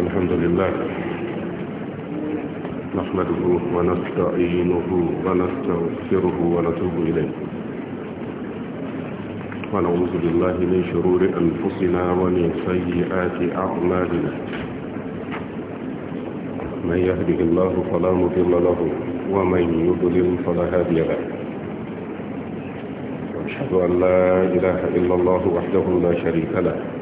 الحمد لله نحمده ونستعينه ونستغفره ونتوب إليه ونعوذ بالله من شرور أنفسنا ومن سيئات أعمالنا من يهده الله فلا مضل له ومن يضلل فلا هادي له واشهد أن لا إله إلا الله وحده لا شريك له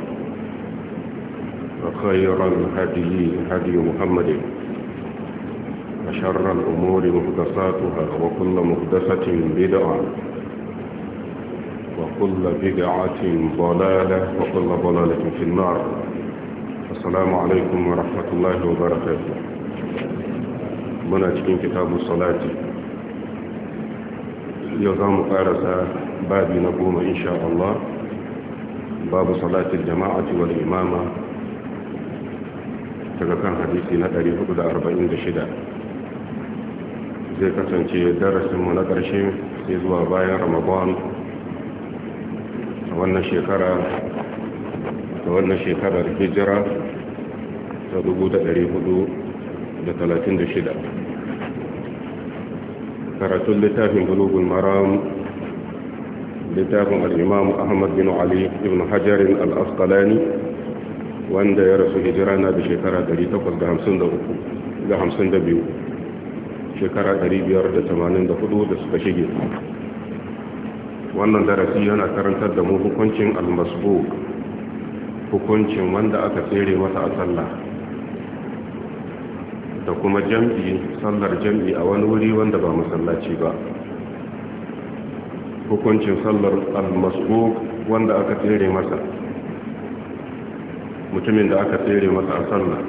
وخير الهدي هدي محمد وشر الأمور مهدساتها وكل مهدسة بدعة وكل بدعة ضلالة وكل ضلالة في النار السلام عليكم ورحمة الله وبركاته من كتاب الصلاة يوم قارسة بابي نقوم إن شاء الله باب صلاة الجماعة والإمامة daga kan hadisi na 446 zai kasance darasinmu na ƙarshe sai zuwa bayan ramadan a wannan shekara ta wannan shekarar hijira ta 436 karatun littafin bulugun maram littafin al'imamu ahmad bin ali ibn hajjarin al'asqalani wanda ya rasu hijira na da shekara 852 shekara 584 da suka shige wannan darasi yana karantar da mu hukuncin almasbu hukuncin wanda aka tsere masa a sallah da kuma jam'i sallar jam'i a wani wuri wanda ba masallaci ba hukuncin sallar almasbu wanda aka tsere masa mutumin da aka tsere masa a sallah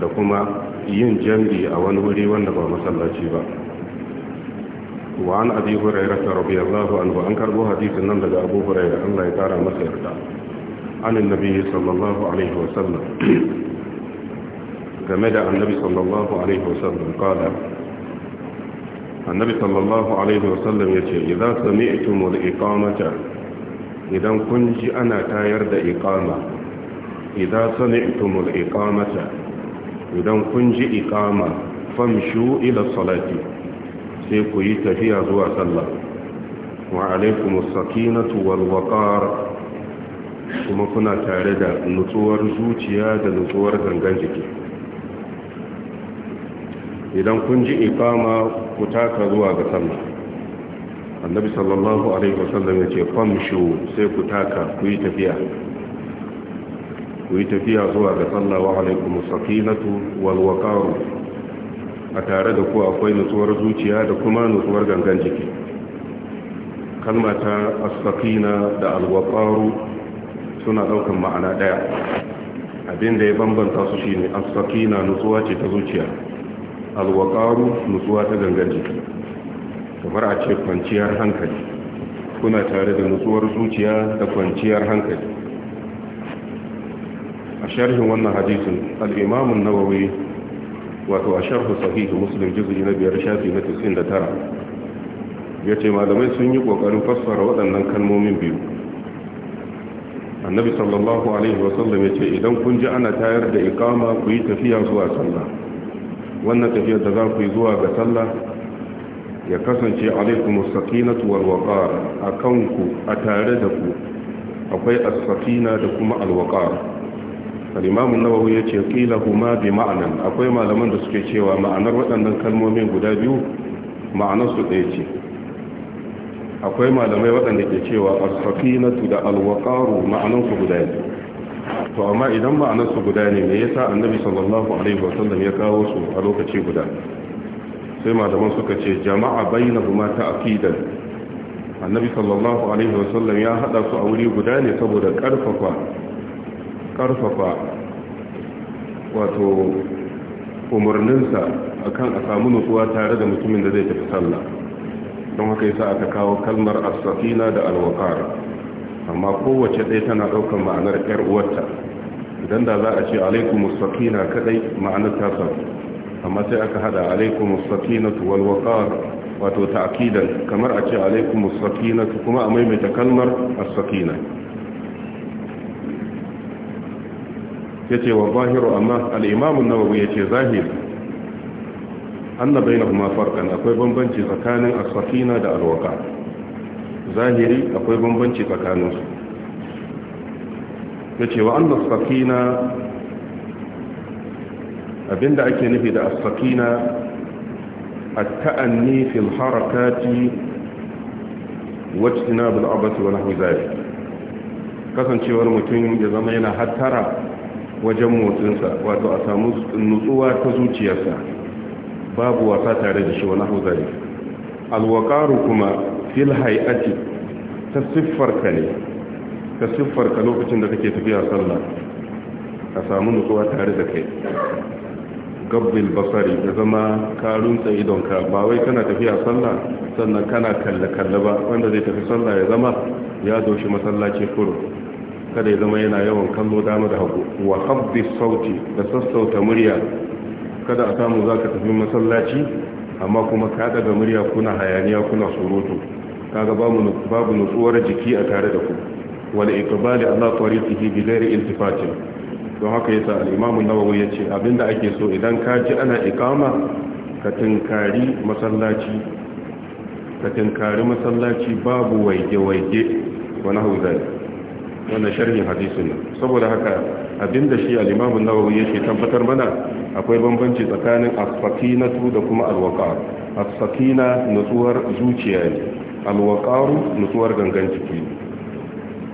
da kuma yin jam'i a wani wuri wanda ba masallaci ba wa an abi ta radiyallahu anhu an karbo hadisin nan daga abu hurairah Allah ya kara masa yarda عن النبي صلى الله عليه وسلم جمد عن النبي صلى الله عليه النبي صلى الله عليه وسلم يتي إذا سمعتم الإقامة idan kun ji ana tayar da iƙama, idan sani sami'tumul iƙamata, idan kun ji iqama famshu ila salati sai ku yi tafiya zuwa sallah wa alaikumus sakinatu wal waqar kuma kuna tare da nutsuwar zuciya da nutsuwar gangan jiki idan kun ji iƙama ku taka zuwa ga sallah annabi sallallahu alaihi wasallam ya ce famshu sai ku taka ku yi tafiya ku yi tafiya zuwa ga sallawa alaikum sakinatu wal waqar a tare da ku akwai nutsuwar zuciya da kuma nutsuwar gangan jiki kalma ta as-sakina da al waqar suna daukan ma'ana daya da ya bambanta su shine as-sakina nutsuwa ce ta zuciya al waqar nutsuwa ta gangan jiki kamar a ce kwanciyar hankali kuna tare da nutsuwar zuciya da kwanciyar hankali a sharhin wannan hadisin al'imamun nawawi wato a sharhu sahihu muslim jizuji na biyar shafi na 99 ya ce malamai sun yi ƙoƙarin fassara waɗannan kalmomin biyu annabi sallallahu alaihi wasallam ya ce idan kun ji ana tayar da ikama ku yi tafiya zuwa sallah wannan tafiyar da za ku yi zuwa ga sallah ya kasance alaikum sakinatu wal waqar akanku a tare da ku akwai as-sakina da kuma al-waqar al-imam an-nawawi yace qila huma bi ma'anan akwai malaman da suke cewa ma'anar waɗannan kalmomin guda biyu ma'anar su ɗaya ce akwai malamai waɗanda ke cewa as-sakinatu da al-waqaru ma'anar su guda ne to amma idan ma'anar su guda ne me yasa annabi sallallahu alaihi wasallam ya kawo su a lokaci guda sai malaman suka ce jama'a bainahuma ta'qidan annabi sallallahu alaihi wasallam ya hada su a wuri guda ne saboda karfafa karfafa wato umarninsa akan a samu nutsuwa tare da mutumin da zai tafi sallah don haka yasa aka kawo kalmar as-safina da al amma kowace ɗaya tana ɗaukar ma'anar ƴar uwarta idan da za a ce alaikumus safina kaɗai ma'anar ta samu amma sai aka hada alaikum sakinatu wal waqar wato ta'kidan kamar a ce alaikum sakinatu kuma a maimaita kalmar as-sakina yace wa zahiru amma al-imam an-nawawi yace zahir anna bainahuma farqan akwai bambanci tsakanin as-sakina da al-waqa zahiri akwai bambanci tsakaninsu yace wa anna as-sakina abinda ake nufi da as-sakina at-ta'anni fil harakati wa ijtinab al-abath wa nahwi kasancewar mutum ya zama yana hattara wajen motsinsa wato a samu nutsuwa ta zuciyarsa babu wasa tare da shi wani nahwi zalik al-waqaru kuma fil hay'ati ta siffarka ne ta siffarka lokacin da kake tafiya sallah a samu nutsuwa tare da kai gabbil basari da zama ka runtsa idonka ba wai kana tafiya sallah sannan kana kalle-kalle ba wanda zai tafi sallah ya zama ya doshi masallaci kuro kada ya zama yana yawan kallo dama da hagu wa habbi sauti da sassauta murya kada a samu za ka tafi masallaci amma kuma ka daga murya kuna hayaniya kuna surutu kaga babu nutsuwar jiki a tare da ku wal iqbali ala tariqihi bi ghairi iltifatin don haka yasa al-imamu ya ce abinda ake so idan ka ji ana ikama ka tinkari masallaci ka tinkari masallaci babu waige-waige wani hauzari wannan sharhin hadisun nan saboda haka abinda shi al-imamu nawawi yake tabbatar mana akwai bambanci tsakanin as da kuma al-waqar nutsuwar zuciya ne al nutsuwar gangan ciki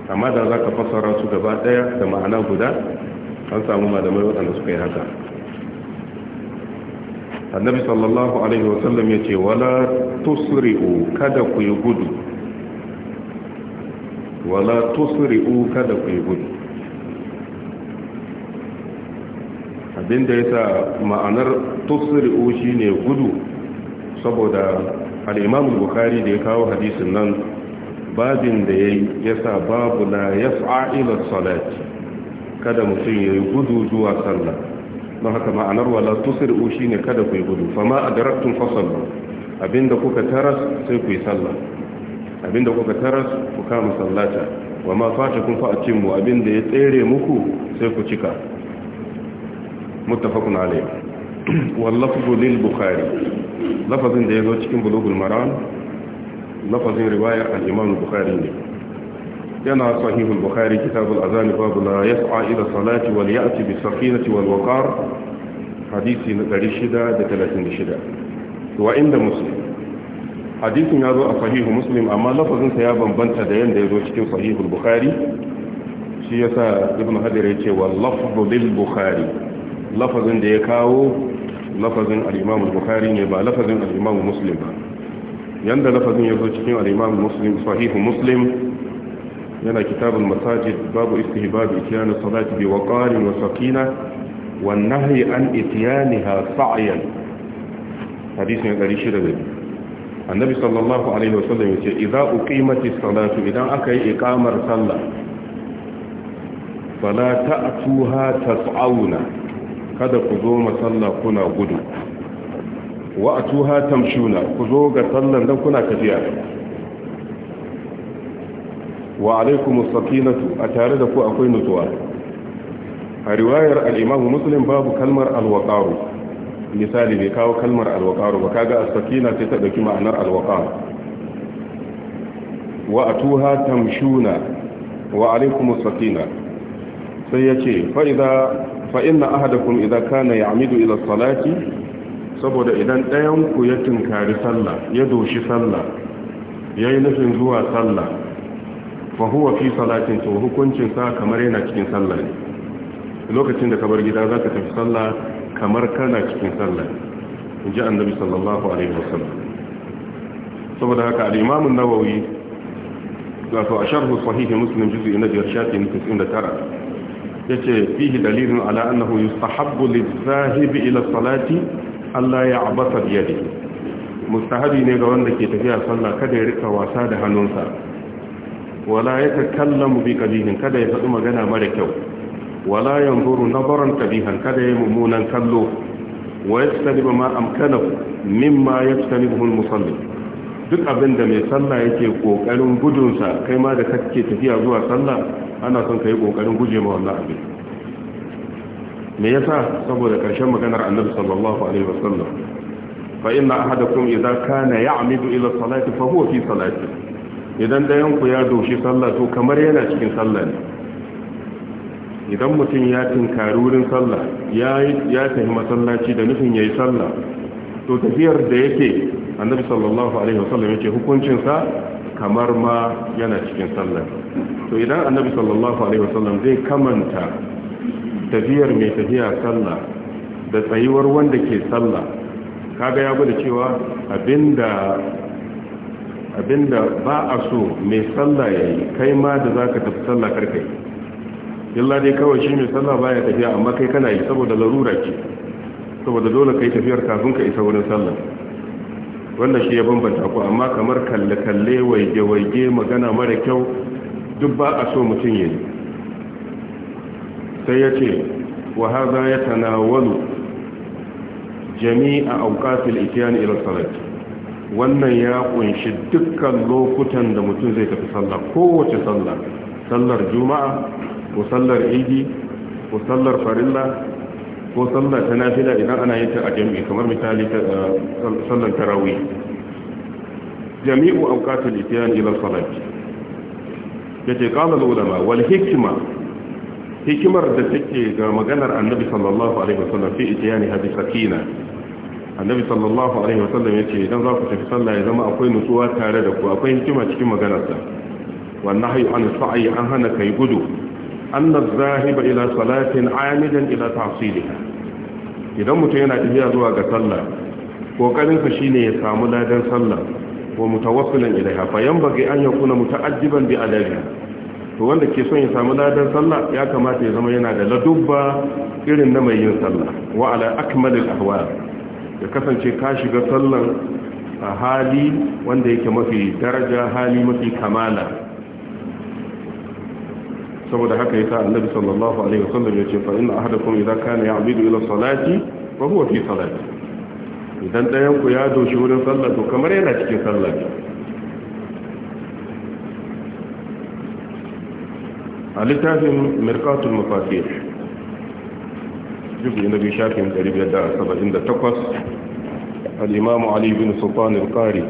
amma da zaka fassara su gaba daya da ma'ana guda an samu malamai waɗanda suka yi haka annabi sallallahu alaihi wasallam ya ce wala tusri'u kada ku yi gudu wala tusri'u kada ku yi gudu abinda ya sa ma'anar tusri'u shine gudu saboda al'imam Bukhari da ya kawo hadisin nan babin da ya yi ya sa babu la yas'a ila salati kada mutum ya yi gudu zuwa sallah don haka ma'anar wala tusir'u shine kada ku yi gudu fama adraktum fasallu abinda kuka taras sai ku yi sallah abinda kuka taras ku kama sallata wa ma fatakum fa atimmu abinda ya tsere muku sai ku cika muttafaqun alayh wallafzu lil bukhari lafazin da yazo cikin bulughul maram lafazin riwayar al-imam bukhari ne ينا صحيح البخاري كتاب الأذان باب لا يسعى إلى الصلاه وليأتي بالسكينه والوقار حديث درشدة دتلاثين درشدة وعند مسلم حديث يارو صحيح مسلم أما لفظ سيابا بنت دين ديرو كتب صحيح البخاري شيسا ابن حدر يتي واللفظ للبخاري لفظ ديكاو لفظ الإمام البخاري نبا لفظ الإمام المسلم يند لفظ يزو كتب الإمام المسلم صحيح مسلم yana kitabul masajid babu istihbab ityan salati bi waqar wa sakina wan nahyi an ityanha sa'yan hadisin 602 annabi sallallahu alaihi wasallam yace idza uqimatis salatu idan aka yi iqamar sallah fala ta'tuha tas'auna kada ku zo masalla kuna gudu wa atuha tamshuna ku zo ga sallan dan kuna tafiya wa alaikum sakinatu a tare da ku akwai nutsuwa a riwayar al-imam muslim babu kalmar al misali ne kawo kalmar al ba kaga as-sakina sai ta dauki ma'anar al-waqaru wa atuha tamshuna wa alaikum sakina sai yace fa idza fa inna ahadakum idza kana ya'midu ila salati saboda idan ɗayan ku ya tunkari sallah ya doshi sallah yayi nufin zuwa sallah fa huwa fi salatin to hukuncinsa kamar yana cikin sallah ne lokacin da ka bar gida za ka tafi sallah kamar kana cikin sallah ji annabi sallallahu alaihi wasallam saboda haka al-imam an-nawawi a sharhu sahih muslim juz'i na biyar shafin 99 yace fihi dalilun ala annahu yustahabbu liz-zahibi ila salati Allah ya abasa biyadi mustahabi ne ga wanda ke tafiya sallah kada ya rika wasa da hannunsa wala ya takallamu bi qabihin kada ya faɗi magana mara kyau wala na nazaran qabihan kada ya mummunan kallo wa yastanibu ma amkanahu mimma yastanibu al-musalli duk abinda mai sallah yake kokarin gudunsa sa kai ma da kake tafiya zuwa sallah ana son yi kokarin guje ma wannan abin me yasa saboda ƙarshen maganar annabi sallallahu alaihi wasallam fa inna ahadakum idza kana ya'midu ila salati fa huwa fi salatihi idan dayan ku ya doshi sallah to kamar yana cikin sallah ne idan mutum ya tinkari wurin sallah ya tafi masallaci da nufin ya yi sallah to tafiyar da yake annabi sallallahu alaihi wasallam ya ce sa kamar ma yana cikin sallah to idan annabi sallallahu alaihi wasallam zai kamanta tafiyar mai tafiya sallah da tsayuwar wanda ke sallah kaga ya gwada cewa abinda abinda ba a so mai sallah ya yi kai ma da za ka tafi sallah karkai yi dai kawai shi mai sallah baya tafiya amma kai kana yi saboda larura ce saboda dole ka yi tafiyar kafin ka isa wurin sallah wannan shi ya bambanta ku amma kamar kalle-kalle waige-waige magana mara kyau duk ba a so mutum ya yi sai ya ce wa haza ya jami a auqatil ityani ilar salati wannan ya kunshi dukkan lokutan da mutum zai tafi sallah kowace sallah sallar juma'a ko sallar idi ko sallar farilla ko sallar ta nafila idan ana yin ta a jami'i kamar misali ta eh, sallar tarawih jami'u an awqatul ityan ila salat yace qala ulama wal hikma hikimar da take ga maganar annabi sallallahu alaihi wasallam fi ityani hadith sakina annabi sallallahu alaihi wasallam yace idan za ku tafi sallah ya zama akwai nutsuwa tare da ku akwai hikima cikin maganarsa wannan hayu an sa'i an hana kai gudu anna zahiba ila salatin amidan ila tafsiliha idan mutum yana tafiya zuwa ga sallah kokarin sa shine ya samu ladan sallah wa mutawassilan ilaiha fa yanbaghi an yakuna muta'addiban bi adabiha to wanda ke son ya samu ladan sallah ya kamata ya zama yana da ladubba irin na mai yin sallah wa ala akmalil ahwal ya kasance ka shiga sallan a hali wanda yake mafi daraja hali mafi kamala saboda haka yasa annabi sallallahu alaihi wasallam yace fa inna ahadakum idza kana ya'budu ila salati fa huwa fi salati idan dayan ku ya doshi wurin sallah to kamar yana cikin sallah a littafin mirqatul mafatih juzu na biyu shafin 578 al-imam ali bin sultan al-qari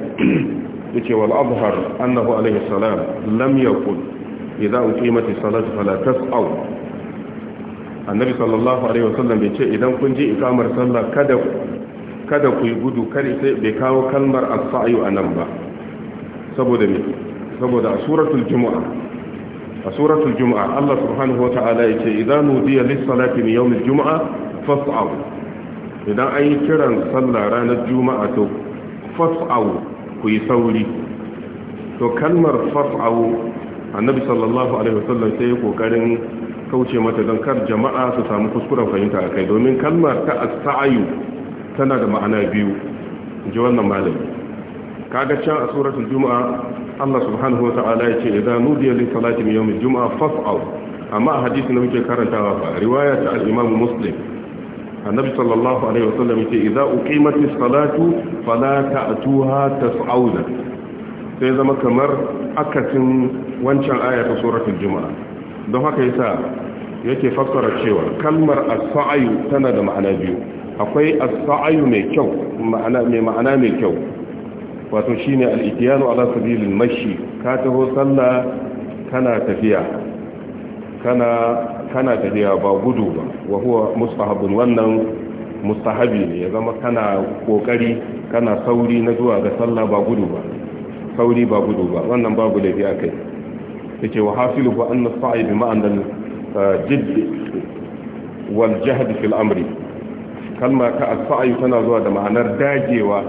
yace wal azhar annahu alayhi salam lam yaqul idza uqimat as-salat fala tas'aw annabi sallallahu alaihi wasallam bai ce idan kun ji ikamar sallah kada kada ku yi gudu kar sai bai kawo kalmar as-sa'yu ba saboda a suratul Juma'a. a suratul juma'a Allah subhanahu wa ta'ala ce idan nudiya lis min yawmil juma'a fas'au idan an yi kiran sallah ranar juma'a to fas'au ku yi sauri to kalmar fas'au annabi sallallahu alaihi wasallam sai ya kokarin kauce mata don kar jama'a su samu kuskuren fahimta akai domin kalmar ta as-sa'yu tana da ma'ana biyu ji wannan malami kaga can a suratul juma'a Allah subhanahu wata'ala ya ce idza nudiya li salati yawmil juma'a fas'au amma a hadisi na muke karantawa fa riwaya ta al-Imam Muslim annabi sallallahu alaihi wasallam yace idza uqimatis salatu fala ta'tuha tas'auna sai zama kamar akasin wancan aya ta suratul juma'a don haka yasa yake fassara cewa kalmar as tana da ma'ana biyu akwai as-sa'yu mai kyau ma'ana mai ma'ana mai kyau wato shine ne al’ikiyanu ala sabilin mashi ka taho sallah kana tafiya kana kana tafiya ba gudu ba wa huwa mustahabun wannan mustahabi ne ya zama kana kokari kana sauri na zuwa ga sallah ba gudu ba sauri ba gudu ba wannan babu laifi kai yake wa ba an sa'i bi ma'anan uh, jidd wal jahd fil amri kalma ka as-sa'i tana zuwa da ma'anar dagewa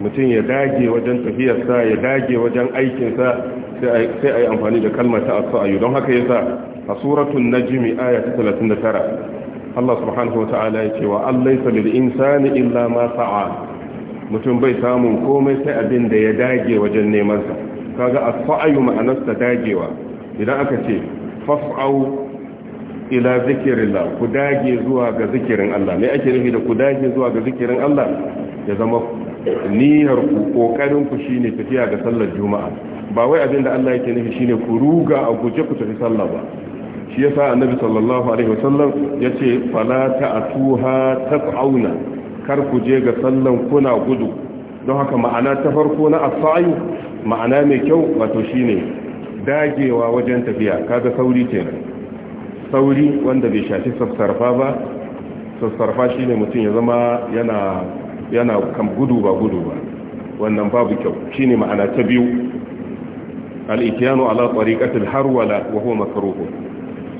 mutum ya dage wajen tafiyarsa ya dage wajen aikinsa sai a yi amfani da kalmar ta asa'ayu don haka yasa a suratun najimi aya ta 39 Allah subhanahu wa ta'ala ya ce wa allaisa lil insani illa ma sa'a mutum bai samun komai sai abin da ya dage wajen nemansa kaga asa'ayu ma'anarsa dagewa idan aka ce fas'au ila zikirillah ku dage zuwa ga zikirin Allah me ake nufi da ku dage zuwa ga zikirin Allah ya zama niyyar ku kokarin ku shine tafiya ga sallar juma'a ba wai abin da Allah yake nufi shine ku ruga a guje ku tafi sallah ba shi yasa annabi sallallahu alaihi wasallam yace fala ta'tuha tas'auna kar ku je ga sallan kuna gudu don haka ma'ana ta farko na as-sa'i ma'ana mai kyau wato shine dagewa wajen tafiya kaga sauri kenan sauri wanda bai shafi sassarfa ba sassarfa shine mutum ya zama yana yana kan gudu ba gudu ba wannan babu kyau shine ma'ana ta biyu al ala ala har harwala wa huwa makruh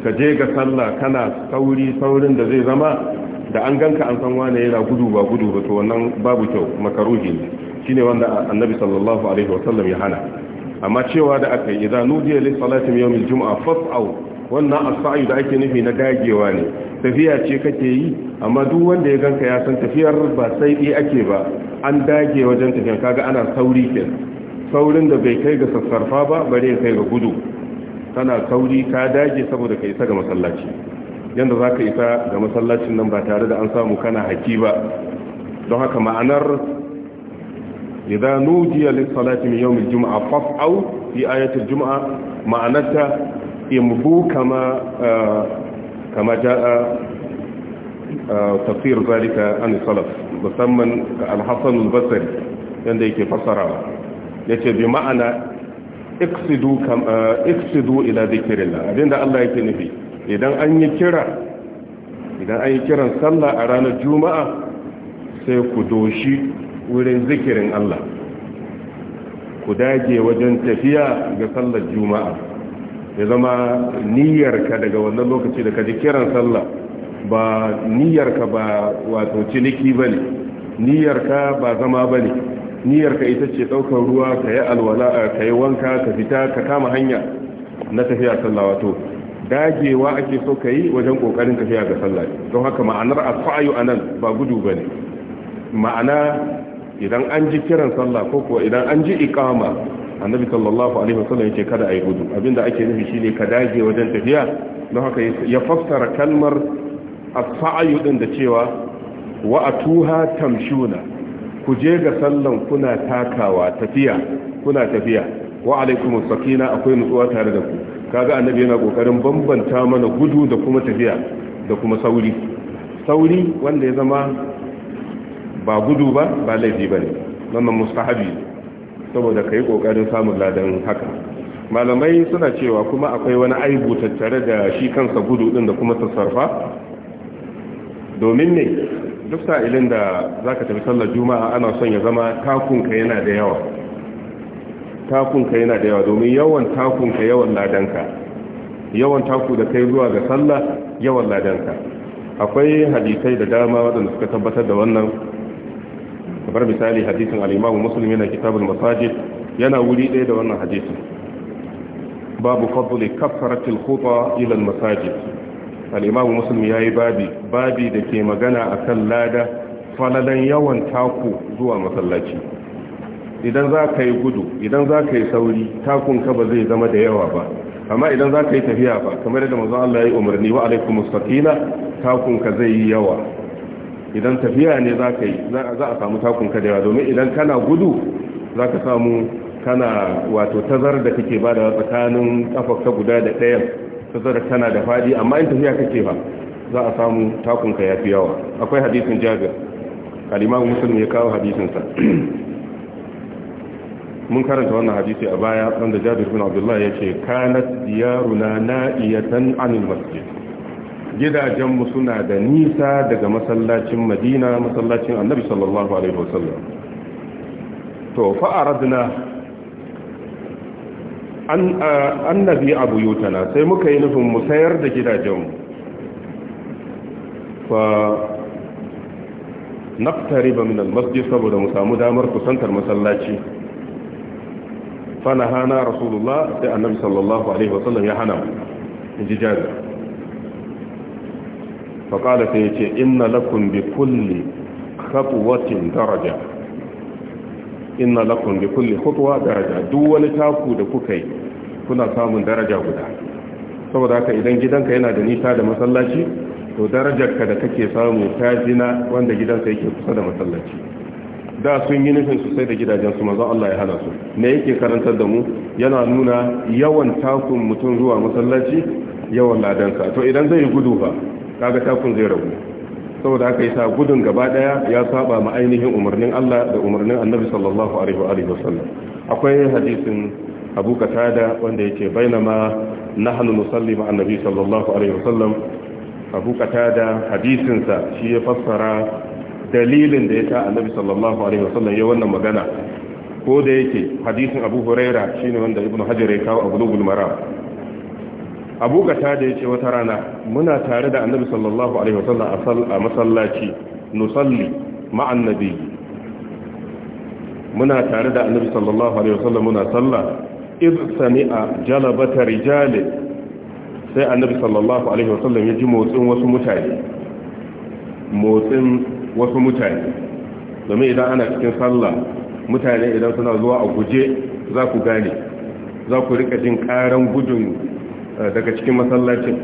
ka je ga sallah kana sauri saurin da zai zama da an ganka an san wane yana gudu ba gudu ba to wannan babu kyau makaruhi ne shine wanda annabi sallallahu alaihi wa ya hana amma cewa da aka yi idan nudiya salatin yau mai juma'a fas'au wannan asa'ayu da ake nufi na dagewa ne tafiya ce kake yi amma duk wanda ya ganka ya san tafiyar ba sai ɗi ake ba an dage wajen tafiyar kaga ana sauri ke saurin da bai kai ga sassarfa ba bare kai ga gudu kana sauri ka dage saboda ka isa ga masallaci yanda za ka isa ga masallacin nan ba tare da an samu kana haki ba don haka ma'anar idan nudiya lissalati min yawmil jumu'a fa'au fi ayatul juma'a ma'anarta imbu kama kama jaa tafsir zalika an salaf musamman ga al-hasan al-basri yanda yake fasarawa yace bi ma'ana iqsidu kama iqsidu ila dhikrillah abinda Allah yake nufi idan an yi kira idan an yi kiran sallah a ranar juma'a sai ku doshi wurin zikirin Allah ku dage wajen tafiya ga sallar juma'a ya zama niyyarka daga wannan lokaci da ka kiran sallah ba niyyarka ba wato ciniki ba ne niyyarka ba zama ba ne niyyarka ita ce ɗaukar ruwa ka yi alwala ka yi wanka ka fita ka kama hanya na tafiya sallah wato dagewa ake so ka yi wajen ƙoƙarin tafiya ga sallah don haka ma'anar asfa'ayu anan ba gudu ba ne ma'ana idan an ji kiran sallah ko kuwa idan an ji ikama annabi sallallahu alaihi wasallam yake kada ayi gudu abinda ake nufi shine ka dage wajen tafiya don haka ya fassara kalmar as-sa'yu din da cewa wa atuha tamshuna ku je ga sallan kuna takawa tafiya kuna tafiya wa alaikumus sakina akwai nutsuwa tare da ku kaga annabi yana kokarin bambanta mana gudu da kuma tafiya da kuma sauri sauri wanda ya zama ba gudu ba ba laifi bane wannan mustahabi saboda ka yi ƙoƙarin samun ladan haka malamai suna cewa kuma akwai wani aibu tattare da shi kansa gudu ɗin da kuma tasarfa domin ne duk sa'ilin da za ka tafi sallar juma'a ana son ya zama takunka yana da yawa takunka yana da yawa domin yawan takunka yawan ladanka yawan taku da kai zuwa ga sallah yawan ladanka akwai hadisai da dama waɗanda suka tabbatar da wannan kamar misali hadisin al-Imam na yana kitabul masajid yana wuri ɗaya da wannan hadisin babu fadli kaffaratil khuta ila al-masajid al-Imam Muslim yayi babi babi da ke magana akan lada falalan yawan taku zuwa masallaci idan za ka yi gudu idan za ka yi sauri takunka ba zai zama da yawa ba amma idan za ka yi tafiya ba kamar da mazan Allah ya yi umarni wa alaikum mustaqila takunka zai yi yawa idan tafiya ne za ka yi za a samu takun ka da yawa domin idan kana gudu za ka samu kana wato tazar da kake ba da tsakanin kafafta guda da ɗayan tazar tana da faɗi amma in tafiya kake ba za a samu ka ya fi yawa akwai hadisin jabir al'imam Musulmi ya kawo hadisinsa mun karanta wannan hadisi a baya wanda jabir bin abdullahi ya ce kanat diyaruna na'iyatan anil masjid gidajenmu suna da nisa daga masallacin madina masallacin annabi sallallahu alaihi wasallam to fa'aradna an annabi abu yutana sai muka yi nufin mu sayar da gidajenmu fa naftari naftariba min almasjid saboda mu samu damar kusantar masallaci fa nahana rasulullah sai annabi sallallahu alaihi wasallam ya hana mu inji jami'a. faƙala ta yace inna lakum bi kulli khatwatin daraja bi kulli khutwa daraja duk wani taku da kuka yi kuna samun daraja guda saboda haka idan gidanka yana da nisa da masallaci to darajarka da kake samu ta na wanda gidanka yake kusa da masallaci da sun yi nufin sosai da gidajen su manzon Allah ya hana su ne yake karantar da mu yana nuna yawan takun mutum zuwa masallaci yawan ladansa to idan zai gudu fa kaga takun zai ragu saboda aka yi sa gudun gaba daya ya saba ma ainihin umarnin Allah da umarnin Annabi sallallahu alaihi wa alihi wasallam akwai hadisin Abu Qatada wanda yake bainama nahnu nusalli ma annabi sallallahu alaihi wasallam Abu Qatada hadisin sa shi ya fassara dalilin da ya sa Annabi sallallahu alaihi wasallam ya wannan magana ko da yake hadisin Abu Huraira shine wanda Ibn Hajar ya kawo a Bulughul Maram abu kata da ya ce wata rana muna tare da annabi sallallahu alaihi wasallam a masallaci nusalli ma'an nabi muna tare da annabi sallallahu alaihi wasallam muna sallah id sami'a jalabata rijali sai annabi sallallahu alaihi wasallam ya ji motsin wasu mutane motsin wasu mutane domin idan ana cikin sallah mutane idan suna zuwa a guje za ku gane za ku rika jin karan gudun Eh, daga cikin masallacin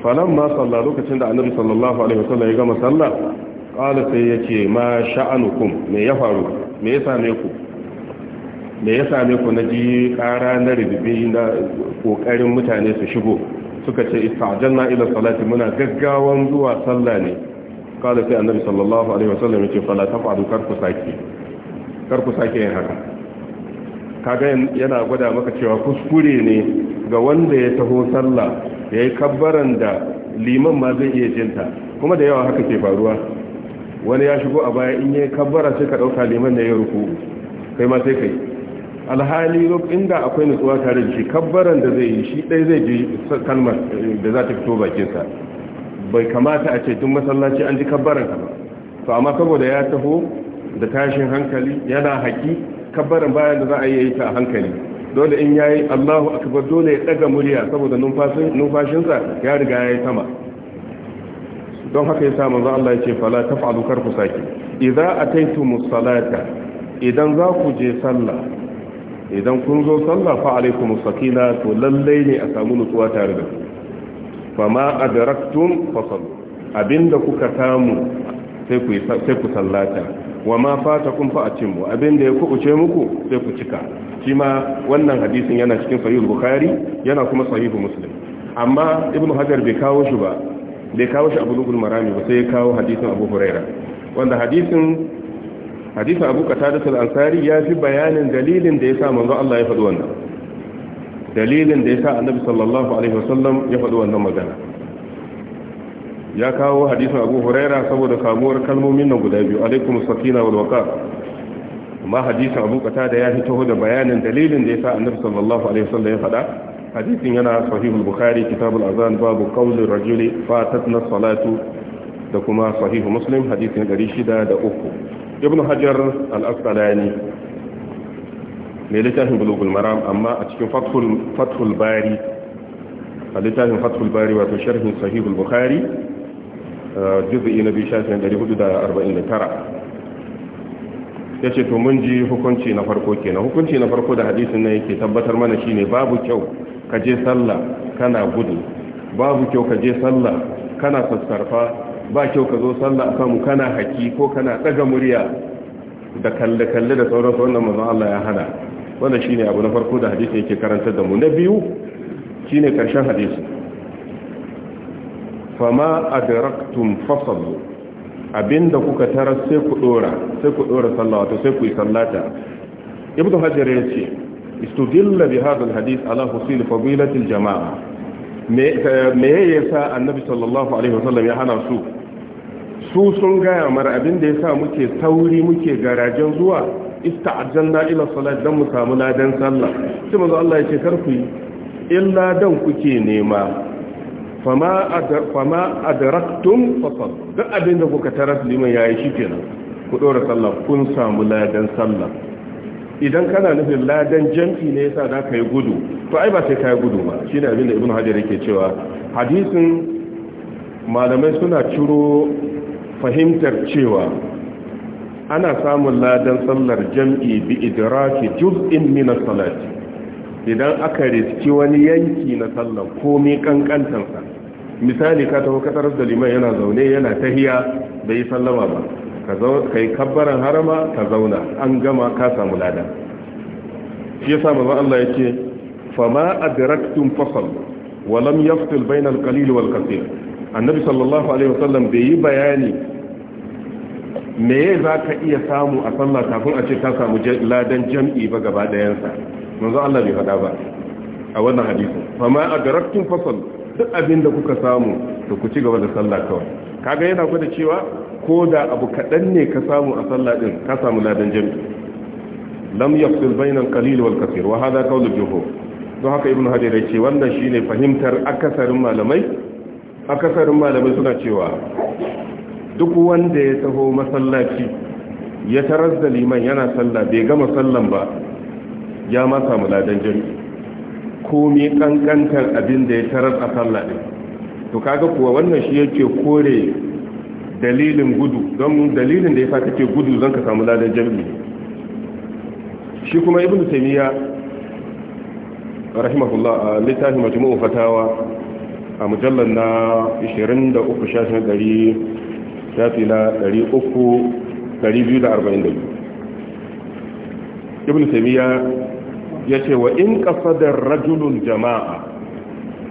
falon ma sallah lokacin da annabi sallallahu alaihi wasallam ya gama sallah qala sai ce ma sha'anukum me ya faru me ya same ku me ya same ku na ji ƙara na ribibi na ƙoƙarin mutane su shigo suka ce istajanna ila salati muna gaggawan zuwa sallah ne qala sai annabi sallallahu alaihi wasallam yace fala tafadu karku sake karku sake yin haka kaga yana gwada maka cewa kuskure ne ga wanda ya taho sallah ya yi kabbaran da liman ma zai iya jinta kuma da yawa haka ke faruwa wani ya shigo a baya in yi kabbara sai ka ɗauka liman da ya ruku kai ma sai kai alhali inda akwai nutsuwa tare da shi kabbaran da zai yi shi ɗai zai ji kalmar eh, da za ta fito bakinsa bai kamata a ce tun masallaci an ji kabbaran ka ba to amma saboda ya taho da tashin hankali yana haƙi kabbaran bayan da za a yi ta a hankali dole in yayi Allahu akbar dole ya daga murya saboda numfashin numfashinsa ya riga yayi sama don haka yasa manzo Allah ya ce fala taf'alu karku saki a ataytumus salata idan za ku je sallah idan kun zo sallah fa alaikumus sakina to lallai ne a samu nutsuwa tare da ku fama adraktum fasallu abinda kuka samu sai ku sallata wa ma fata fatakum fa atimmu abinda ya kubuce muku sai ku cika shi ma wannan hadisin yana cikin sahih bukhari yana kuma sahih muslim amma ibnu hajar bai kawo shi ba bai kawo shi abulugul marami ba sai ya kawo hadisin abu huraira wanda hadisin hadisin abu qatada al-ansari ya fi bayanin dalilin da yasa manzo Allah ya faɗi wannan dalilin da yasa annabi sallallahu alaihi wasallam ya faɗi wannan magana ya kawo hadisin abu huraira saboda kamuwar kalmomin nan guda biyu alaikum sakina wal waqar amma hadisin abu da ya fito da bayanin dalilin da ya sa annabi sallallahu alaihi wasallam ya fada hadisin yana sahihul bukhari kitabul azan babu qawli rajuli na salatu da kuma sahihu muslim hadisin 603 ibnu hajar al-asqalani mai littafin bulugul maram amma a cikin fathul bari a littafin fathul bari wato sharhin sahihul bukhari juzu'i na biyu 449 ya ce to mun ji hukunci na farko kenan hukunci na farko da hadisin nan yake tabbatar mana shine babu kyau ka je sallah kana gudu babu kyau ka je sallah kana sassarfa ba kyau ka zo sallah a samu kana haki ko kana daga murya da kalle-kalle da sauransu wannan mazan Allah ya hana wannan shine abu na farko da hadisun yake karantar da mu na biyu shine karshen hadisi fama adiraktun fasallu abinda kuka tara sai ku dora sai ku dora sallah wato sai ku yi sallata ibnu hajar ya ce istudilla bi hadha alhadith ala husul fadilati jama'a. me yasa annabi sallallahu alaihi wasallam ya hana su su sun gaya mara abinda yasa muke sauri muke garajen zuwa ista'ajjalna ila salat dan mu samu ladan sallah sai manzo Allah ya ce karku illa dan kuke nema fama adraktum fasal duk abinda kuka taras liman yayi nan ku ɗora sallah kun samu ladan sallah idan kana nufin ladan jam'i ne ya sa za ka yi gudu to ai ba sai ka yi gudu ba Shi abin abinda ibnu hajar yake cewa hadisin malamai suna ciro fahimtar cewa ana samun ladan sallar jam'i bi idraki juz'in min as-salati idan aka riski wani yanki na sallar komai kankantansa misali ka taho ka tarar da liman yana zaune yana tahiya bai sallama ba ka yi kabbaran harama ka zauna an gama ka samu lada shi sa manzon Allah ya yake fama adraktum fasal walam lam yaftil bainal qalil wal kaseer annabi sallallahu alaihi wasallam bai yi bayani me za ka iya samu a sallah kafin a ce ka samu ladan jam'i ba gaba dayansa manzo Allah bai faɗa ba a wannan hadisi fama adraktum fasal duk abin da kuka samu to ku ci gaba da sallah kawai kaga yana gwada cewa ko da abu kaɗan ne ka samu a sallah din ka samu ladan jami lam fi bainal qalil wal kaseer wa hada qawlu don haka ibnu hajar ya ce wannan shine fahimtar akasarin malamai akasarin malamai suna cewa duk wanda ya taho masallaci ya tarar da liman yana sallah bai gama sallan ba ya ma samu ladan jami'i komai kankantar abin da ya tarar a sallah din to kaga kuwa wannan shi yake kore dalilin gudu don dalilin da ya fata ke gudu zan ka samu ladan jami'i shi kuma ibnu taymiya rahimahullah littafin majmu'u fatawa a mujallar na 23 shafin 100 shafi na 300 242 ibnu ce wa in da rajulun jama'a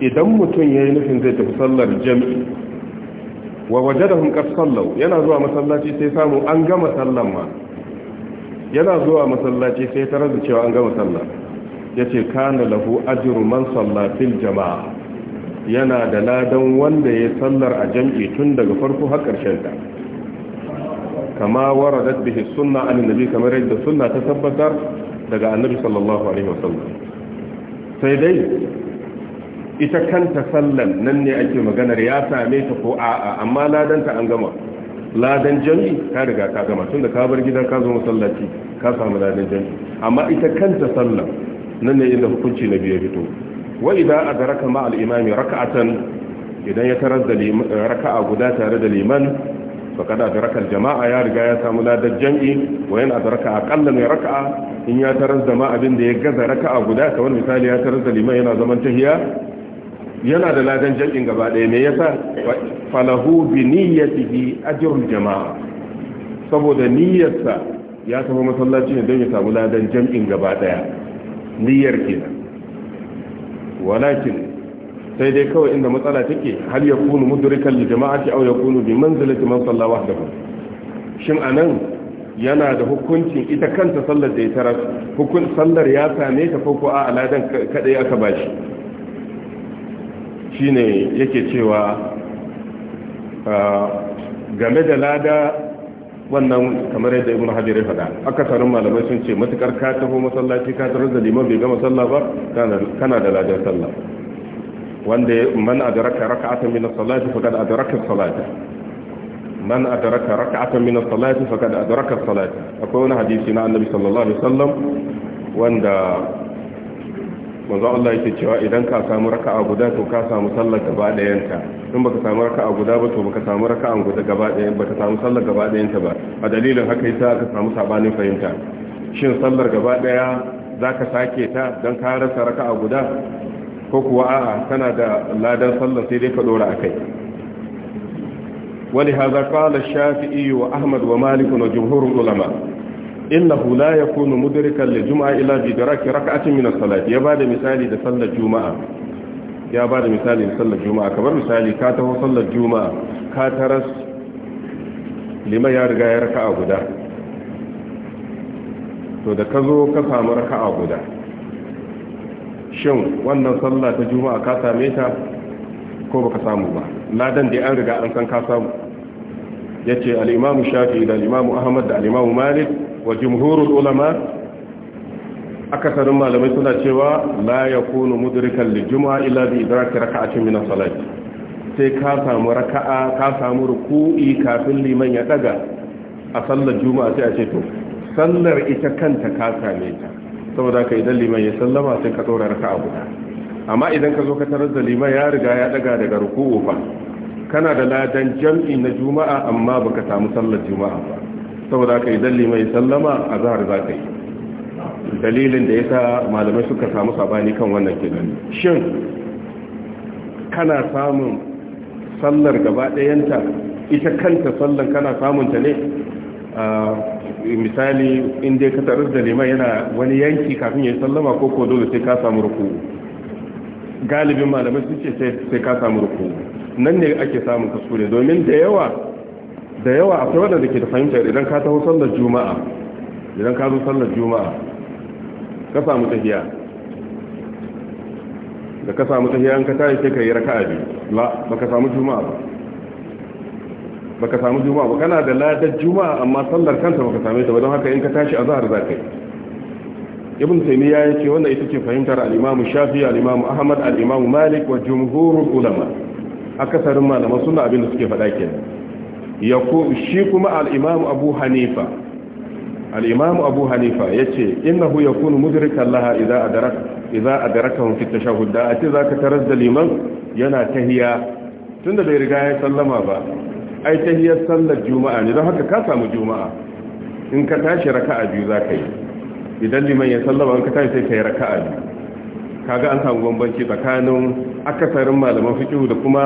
idan mutum yayi nufin zai tafi sallar jami'i wa wajadahum qad sallu yana zuwa masallaci sai samu an gama sallan ma yana zuwa masallaci sai tarar da cewa an gama Ya ce kana lahu ajru man salla jama'a yana da ladan wanda ya sallar a jami'i tun daga farko har karshen ta kama waradat bihi sunna an kamar yadda sunna ta tabbatar daga annabi sallallahu alaihi wasallam sai dai ita kanta sallan nan ne ake maganar ya same ta ko a'a amma ladanta an gama ladan jami ta riga ka gama tun da ka bar gida ka zo masallaci ka samu ladan jami amma ita kanta sallan nan ne inda hukunci na biya fito wa idza adraka ma al-imami rak'atan idan ya tarar da raka'a guda tare da liman faqad adraka aljamaa ya riga ya samu ladar jam'i wa yan adraka aqalla min raka'a in ya tarar da ma abin da ya gaza raka'a guda kamar misali ya tarar da liman yana zaman tahiya yana da ladan jami'in gaba daya me yasa falahu bi niyyatihi ajrul jamaa saboda niyyarsa ya samu masallaci ne don ya samu ladan jami'in gaba daya niyyar kenan walakin sai dai kawai inda matsala take hal ya kunu mudrikan li jama'ati aw kunu bi manzilati man sallawa wahdahu shin anan yana da hukuncin ita kanta sallar da ya tara hukun sallar ya same ta ko ko a aladan kadai aka bashi shine yake cewa game da lada wannan kamar yadda ibn hajar ya faɗa akasarin malamai sun ce matukar ka taho masallaci ka tarar da liman bai gama sallah ba kana da ladar sallah wanda man adraka rak'atan min as-salati faqad adraka as-salata man adraka rak'atan min as-salati faqad adraka as-salata akwai wani hadisi na annabi sallallahu alaihi wasallam wanda manzo Allah yake cewa idan ka samu raka'a guda to ka samu sallar gaba dayanta, in baka samu raka'a guda ba to baka samu raka'an guda gaba dayan baka samu sallar gaba dayanta ba a dalilin haka yasa aka samu sabanin fahimta shin sallar gaba ɗaya zaka sake ta dan ka rasa raka'a guda ko kuwa a'a tana da ladan sallah sai dai ka dora akai wani haza kala shafi'i wa ahmad wa malik na Jumhurin ulama innahu la yakunu mudrikan li jum'a ila bi daraki rak'atin min as-salat ya bada misali da sallar juma'a ya bada misali da sallar juma'a kamar misali ka taho sallar juma'a ka taras lima ya riga ya raka'a guda to da ka zo ka samu raka'a guda shin wannan sallah ta juma'a ka same ta ko baka samu ba ladan da an riga an san ka samu yace al-imamu shafi'i da al-imamu ahmad da al-imamu malik wa jumhurul ulama akasarin malamai suna cewa la yakunu mudrikan li juma'a illa bi idraki raka'atin min as-salat sai ka samu raka'a ka samu ruku'i kafin liman ya daga a sallar juma'a sai a ce to sallar ita kanta ka same ta saboda ka idan liman ya sallama sai ka tsora raka a guda amma idan ka zo ka tarar da liman ya riga ya daga daga ruku'u fa kana da ladan jam'i na juma'a amma baka samu sallar juma'a ba saboda ka idan liman ya sallama a zahar za ka yi dalilin da ya sa malamai suka samu sabani kan wannan kenan shin kana samun sallar gaba ɗayanta ita kanta sallar kana samunta ne ah, misali in dai ka tarar da liman yana wani yanki kafin ya sallama ko ko dole sai ka samu ruku galibin malamai sun ce sai ka samu ruku nan ne ake samun kuskure domin da yawa da yawa akwai wanda ke da fahimtar idan ka taho sallar juma'a idan ka zo sallar juma'a ka samu tafiya da ka samu tafiya an ka tashi sai ka yi raka'a biyu la ka samu juma'a ba baka samu juma'a ba kana da ladar juma'a amma sallar kanta baka same ta ba don haka in ka tashi azhar za ka yi ibn taymiya ya ce wannan ita ce fahimtar al-imam shafi al-imam ahmad al-imam malik wa jumhurul ulama akasarin malaman suna abin da suke faɗa kenan ya ko shi kuma al-imam abu hanifa al-imam abu hanifa yace innahu yakunu mudrikan laha idza adraka idza adrakahu fi tashahhud da ace zaka tarar da liman yana tahiya tunda bai riga ya sallama ba ai ta hiyar sallar juma'a ne don haka ka samu juma'a in ka tashi raka'a biyu za ka yi idan liman ya sallama an ka tashi sai ka yi raka'a biyu kaga an samu bambanci tsakanin akasarin malaman fiqh da kuma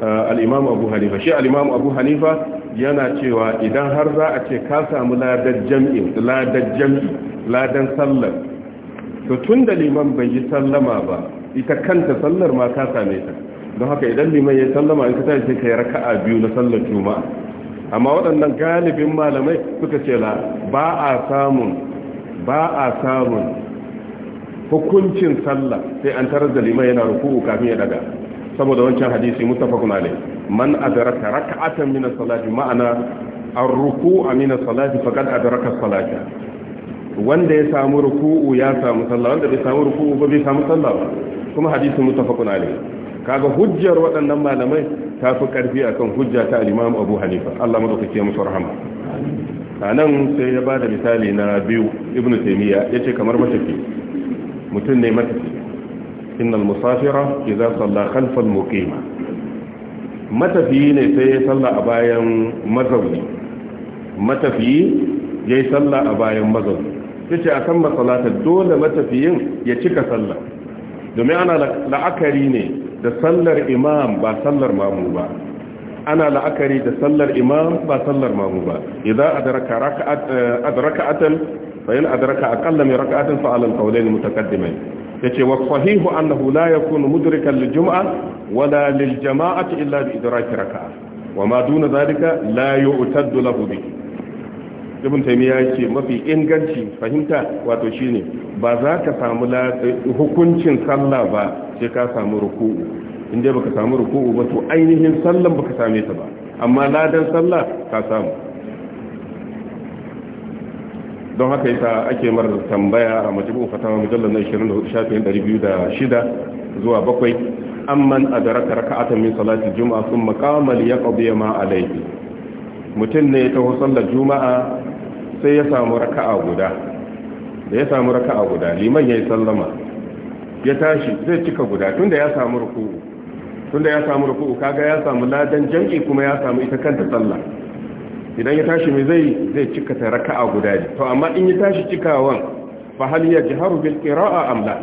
eh, al'imam Abu Hanifa shi al'imam Abu Hanifa yana cewa idan har za a ce ka samu ladan jam'i ladan jam'i ladan sallar to da liman bai yi sallama ba ita kanta sallar ma ka same ta don haka idan liman ya sallama in ka tashi sai kai raka'a biyu na sallar juma'a amma waɗannan galibin malamai suka ce la ba a samun ba a samun hukuncin sallah sai an tarar da liman yana ruku'u kafin ya daga saboda wancan hadisi mutafakun alai man adraka raka'atan min as-salati ma'ana ar-ruku'a min as-salati faqad adraka as-salata wanda ya samu ruku'u ya samu sallah wanda bai samu ruku'u ba bai samu sallah ba kuma hadisi mutafakun alai kaga hujjar waɗannan malamai ta fi ƙarfi a kan hujja ta al-Imam Abu Hanifa Allah madaukake masa rahama anan sai ya ba da misali na biyu Ibn ya ce kamar matafi mutum ne matafi innal musafira za salla khalfa al-muqima matafi ne sai ya salla a bayan mazauni matafi ya yi salla a bayan mazauni a kan masalata dole matafiyin ya cika sallah domin ana la'akari ne da sallar imam ba sallar mamu ba ana la'akari da sallar imam ba sallar mamu ba idza adraka rak'at adraka'atan eh, fa in adraka aqalla min rak'atin fa 'ala al-qawlayn mutaqaddimain yace wa sahihu annahu la yakunu mudrikan lil jum'a wala lil jama'ati illa bi idraki rak'a wa ma duna dhalika la yu'taddu lahu bihi ibn taymiya yake mafi inganci fahimta wato shine ba za ka samu hukuncin sallah ba sai ka samu ruku'u in dai baka samu ruku'u ba to ainihin sallan baka same ta ba amma ladan sallah ka samu don haka yasa ake mar tambaya a majibu fatawa mujallal na 24 shafin 206 zuwa 7 amman adraka raka'atan min salati jumu'a thumma qama liyaqdi ma alayhi mutum ne ya taho sallar juma'a sai ya samu raka'a guda da ya samu raka'a guda liman ya yi sallama ya tashi zai cika guda tunda ya samu ruku'u tunda ya samu ruku'u kaga ya samu ladan jam'i kuma ya samu ita kanta sallah idan ya tashi mai zai zai cika ta raka'a guda ne to amma in ya tashi cikawan fa hal yajharu bil qira'a am la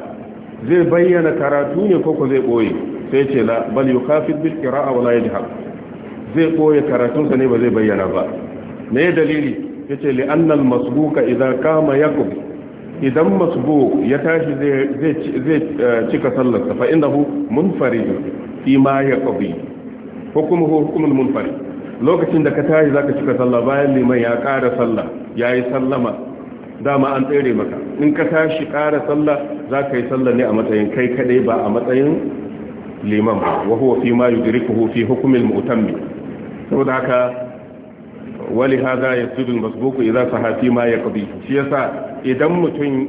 zai bayyana karatu ne ko ko zai boye sai ce la bal yukafid bil qira'a wala yajhar zai koya karatunsa ne ba zai bayyana ba me dalili ya ce li'annal masbuka idan kama yakub idan masbu ya tashi zai eh, cika sallarsa fa innahu munfarid fi ma ya yaqubi hukumuhu hukumul munfari lokacin da ka tashi za ka cika sallah bayan liman ya ƙara sallah ya yi sallama dama an tsere maka in ka tashi ƙara sallah za ka yi sallah ne a matsayin kai kadai ba a matsayin liman ba wa huwa fi ma yudrikuhu fi hukumil mu'tammi saboda haka wali haza ya tudul masbuku idan hafi ma ya qadi shi yasa idan mutum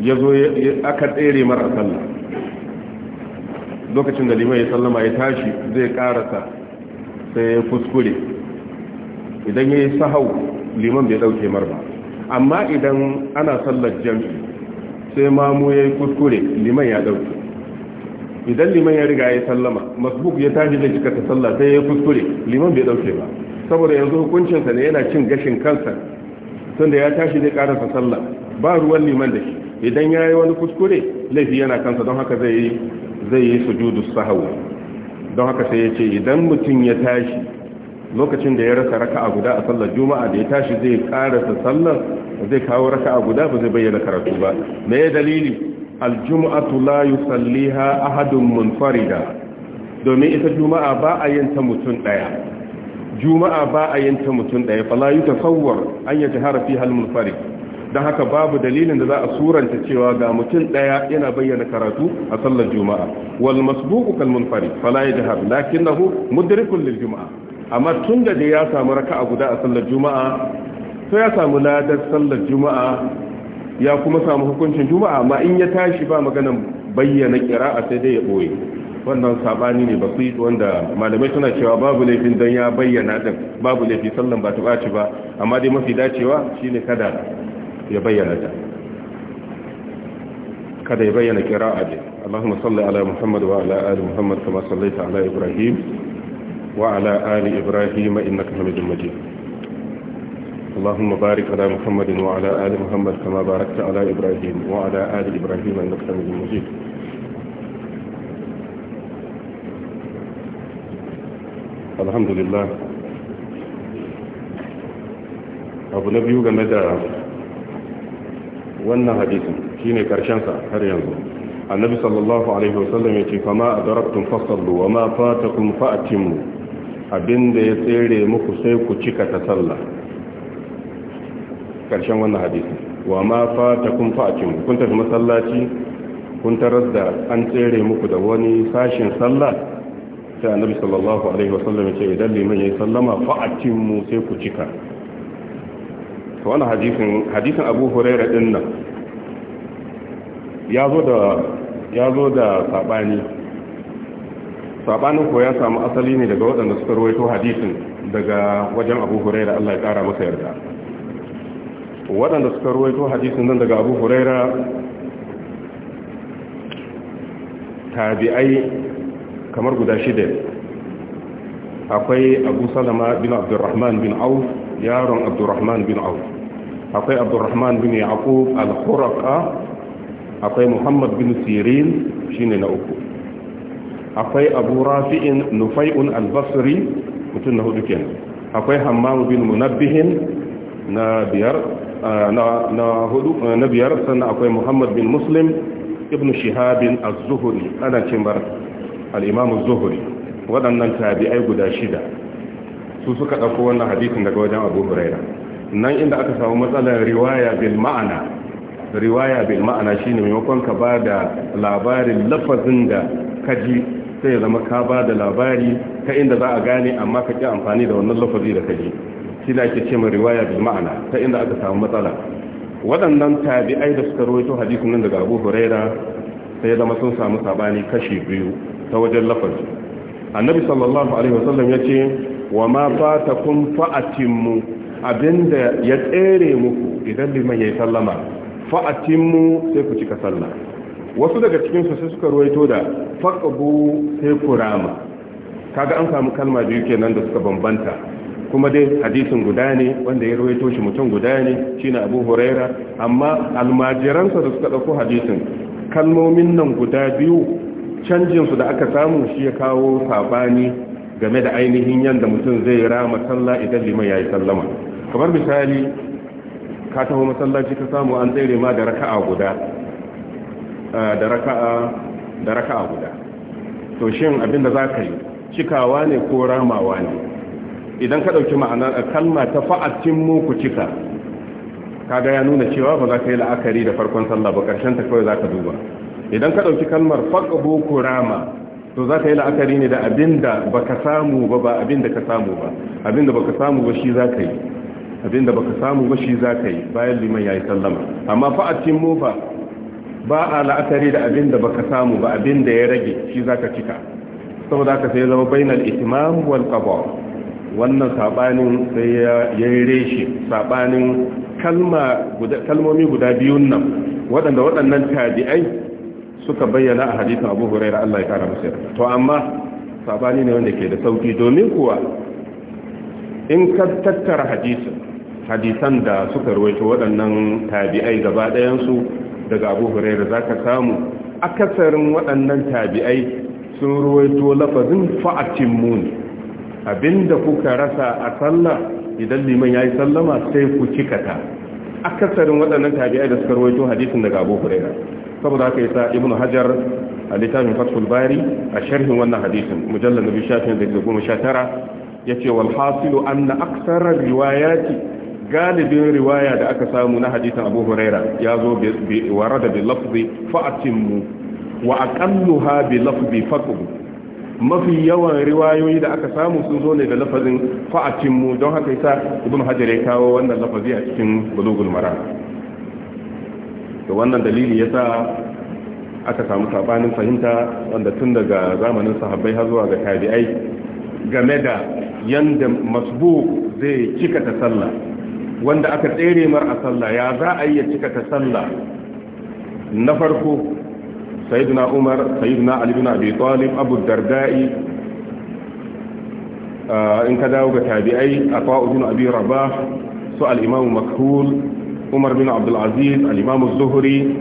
ya zo aka tsere mara sallah lokacin da limai ya sallama ya tashi zai karasa sai ya kuskure idan ya yi sahau liman bai dauke mar ba amma idan ana sallar jami'i sai mamu ya yi kuskure liman ya dauke idan liman ya riga ya sallama masbuk ya tashi zai cika ta sallah sai ya kuskure liman bai dauke ba saboda yanzu hukuncin sa ne yana cin gashin kansa tunda ya tashi zai karasa sallah ba ruwan liman da shi idan ya yi wani kuskure laifi yana kansa don haka zai yi zai yi sujudu sahawu don haka sai ya ce idan mutum ya tashi lokacin da ya rasa raka'a guda a sallar juma'a da ya tashi zai karasa sallar zai kawo raka'a guda ba zai bayyana karatu ba me dalili aljum'atu la yusalliha ahadun munfarida domin ita juma'a ba a yin mutun daya juma'a ba a yin ta mutum daya fala yutasawwar an yajhara fiha almunfarid dan haka babu dalilin da za a suranta cewa ga mutum daya yana bayyana karatu a sallar juma'a wal masbuqu kal munfarid fala yajhar lakinnahu mudrikun lil juma'a amma tunda da ya samu raka'a guda a sallar juma'a to ya samu ladar sallar juma'a ya kuma samu hukuncin juma'a amma in ya tashi ba maganan bayyana kira'a sai dai ya boye wannan sabani ne basit wanda malamai suna cewa babu laifin dan ya bayyana din babu laifi sallan ba ta ɓaci ba amma dai mafi dacewa shine kada ya bayyana ta kada ya bayyana kira'a din Allahumma salli ala Muhammad wa ala ali Muhammad kama sallaita ala Ibrahim wa ala ali Ibrahim innaka Hamidum Majid اللهم بارك على محمد وعلى آل محمد كما باركت على إبراهيم وعلى آل إبراهيم أنك الحمد لله abu na biyu game da wannan hadisin shine karshensa har yanzu annabi sallallahu alaihi wasallam yace fama adaraktum fasallu wama fatakum fa'timu abinda ya tsere muku sai ku cika ta sallah karshen wannan hadisi wa ma fa ta kun kun tafi masallaci kun tarar da an tsere muku da wani sashin sallah sai annabi sallallahu alaihi wasallam ce idan liman yi sallama mu sai ku cika to wannan hadisin hadisin Abu huraira din nan ya zo da ya zo ko ya samu asali ne daga waɗanda suka rawaito hadisin daga wajen Abu huraira Allah ya kara masa yarda waɗanda suka ruwaito hadisin nan daga abu huraira tabi'ai kamar guda shida akwai abu salama bin abdurrahman bin auf yaron abdurrahman bin auf akwai abdurrahman bin yaqub al-khuraqa akwai muhammad bin sirin shine na uku akwai abu rafi'in nufai'un al-basri mutum na hudu kenan akwai hammam bin munabbihin na biyar na biyar sannan akwai muhammad bin muslim ibn shihabin az-zuhri ana cimbar al zuhri waɗannan tabi'ai guda shida su suka ɗauko wannan hadisin daga wajen abu huraira nan inda aka samu matsalar riwaya bil ma'ana riwaya bil ma'ana shine maimakon ka ba da labarin lafazin da kaji sai ya zama ka ba da labari ta inda za a gane amma ka ƙi amfani da wannan lafazi da kaji shi da ake ce riwaya bil ma'ana ta inda aka samu matsala waɗannan tabi'ai da suka rawaito hadisin nan daga Abu Huraira sai ya zama sun samu sabani kashi biyu ta wajen lafazi annabi sallallahu alaihi wasallam ce wa ma fatakum fa'atimmu abinda ya tsere muku idan liman yayi sallama fa'atimmu sai ku cika sallah wasu daga cikin su suka rwaito da faqbu sai ku rama kaga an samu kalma biyu kenan da suka bambanta kuma dai hadisin guda ne wanda ya rawaito shi mutum guda ne shine Abu Huraira amma almajiransa da suka dauko hadisin kalmomin nan guda biyu canjinsu da aka samu shi ya kawo sabani game da ainihin yanda mutum zai rama sallah idan liman yayi sallama kamar misali ka taho masallaci ka samu an tsere ma da raka'a guda da raka'a da guda to shin abinda zaka yi cikawa ne ko ramawa ne idan ka ɗauki ma'ana ma'anar kalma ta fa'atin muku ku cika kaga ya nuna cewa ba za ka yi la'akari da farkon sallah ba ƙarshen ta kawai za ka duba idan ka ɗauki kalmar faƙabo ku rama to za ka yi la'akari ne da abin da ba ka samu ba ba abin da ka samu ba abin da ba ka samu ba shi za ka yi abin da ba ka samu ba shi za ka yi bayan liman ya yi sallama amma fa'atin mu ba ba a la'akari da abin da ba ka samu ba abin da ya rage shi za ka cika saboda haka sai ya zama bainal itimam wal qada wannan sabanin sai ya yi reshe sabanin kalmomi guda biyun nan waɗanda waɗannan tabi'ai suka bayyana a hadisin abu da Allah ya kara musu to amma sabani ne wanda ke da sauki domin kuwa in ka tattara hadisin hadisan da suka ruwaito waɗannan tabi'ai gaba ɗayansu daga abu huraira za ka samu akasarin waɗannan tabi'ai sun ruwaito lafazin fa'atin muni abinda kuka rasa a sallah idan liman yayi sallama sai ku cikata akasarin waɗannan tabi'ai da suka rawaito hadisin daga Abu Hurairah saboda haka yasa Ibn Hajar a littafin Fathul Bari a sharhin wannan hadisin mujallal nabi shafin da goma sha tara yace wal hasilu anna aksara riwayati galibin riwaya da aka samu na hadisin Abu Hurairah ya zo bi warada bi lafzi fa atimmu wa aqalluha bi lafzi faqbu mafi yawan riwayoyi da aka samu sun zo ne da lafazin fa'atin mu don haka yasa ibn hajar ya kawo wannan lafazi a cikin bulugul maram da wannan dalili yasa aka samu sabanin fahimta wanda tun daga zamanin sahabbai har zuwa ga tabi'ai game da yanda masbu zai cika ta sallah wanda aka tsere mar a sallah ya za a iya cika ta sallah na farko sayyidina umar sayyidina ali bin abi talib in ka dawo ga tabi'ai aqwa ibn abi rabah su al-imam makhul umar bin abdul aziz al zuhri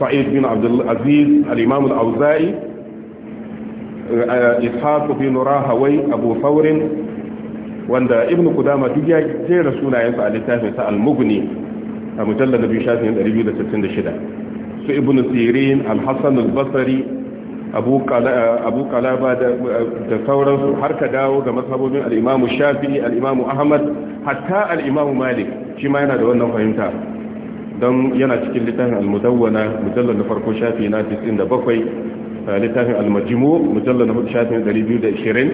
sa'id bin abdul aziz al auzai ishaq bin rahawai abu thawr wanda ibn kudama duk ya jera sunayensa a littafin sa al a 266 su ibn sirin al-hassan al-basari abu kalaba da sauransu har ka dawo ga masabobin al'imamu shafi'i al'imamu ahmad hatta al'imamu malik shi ma yana da wannan fahimta don yana cikin littafin al-mudawwana mujallar na farko shafi na 97 littafin al-majimu mujallar na shafi na 220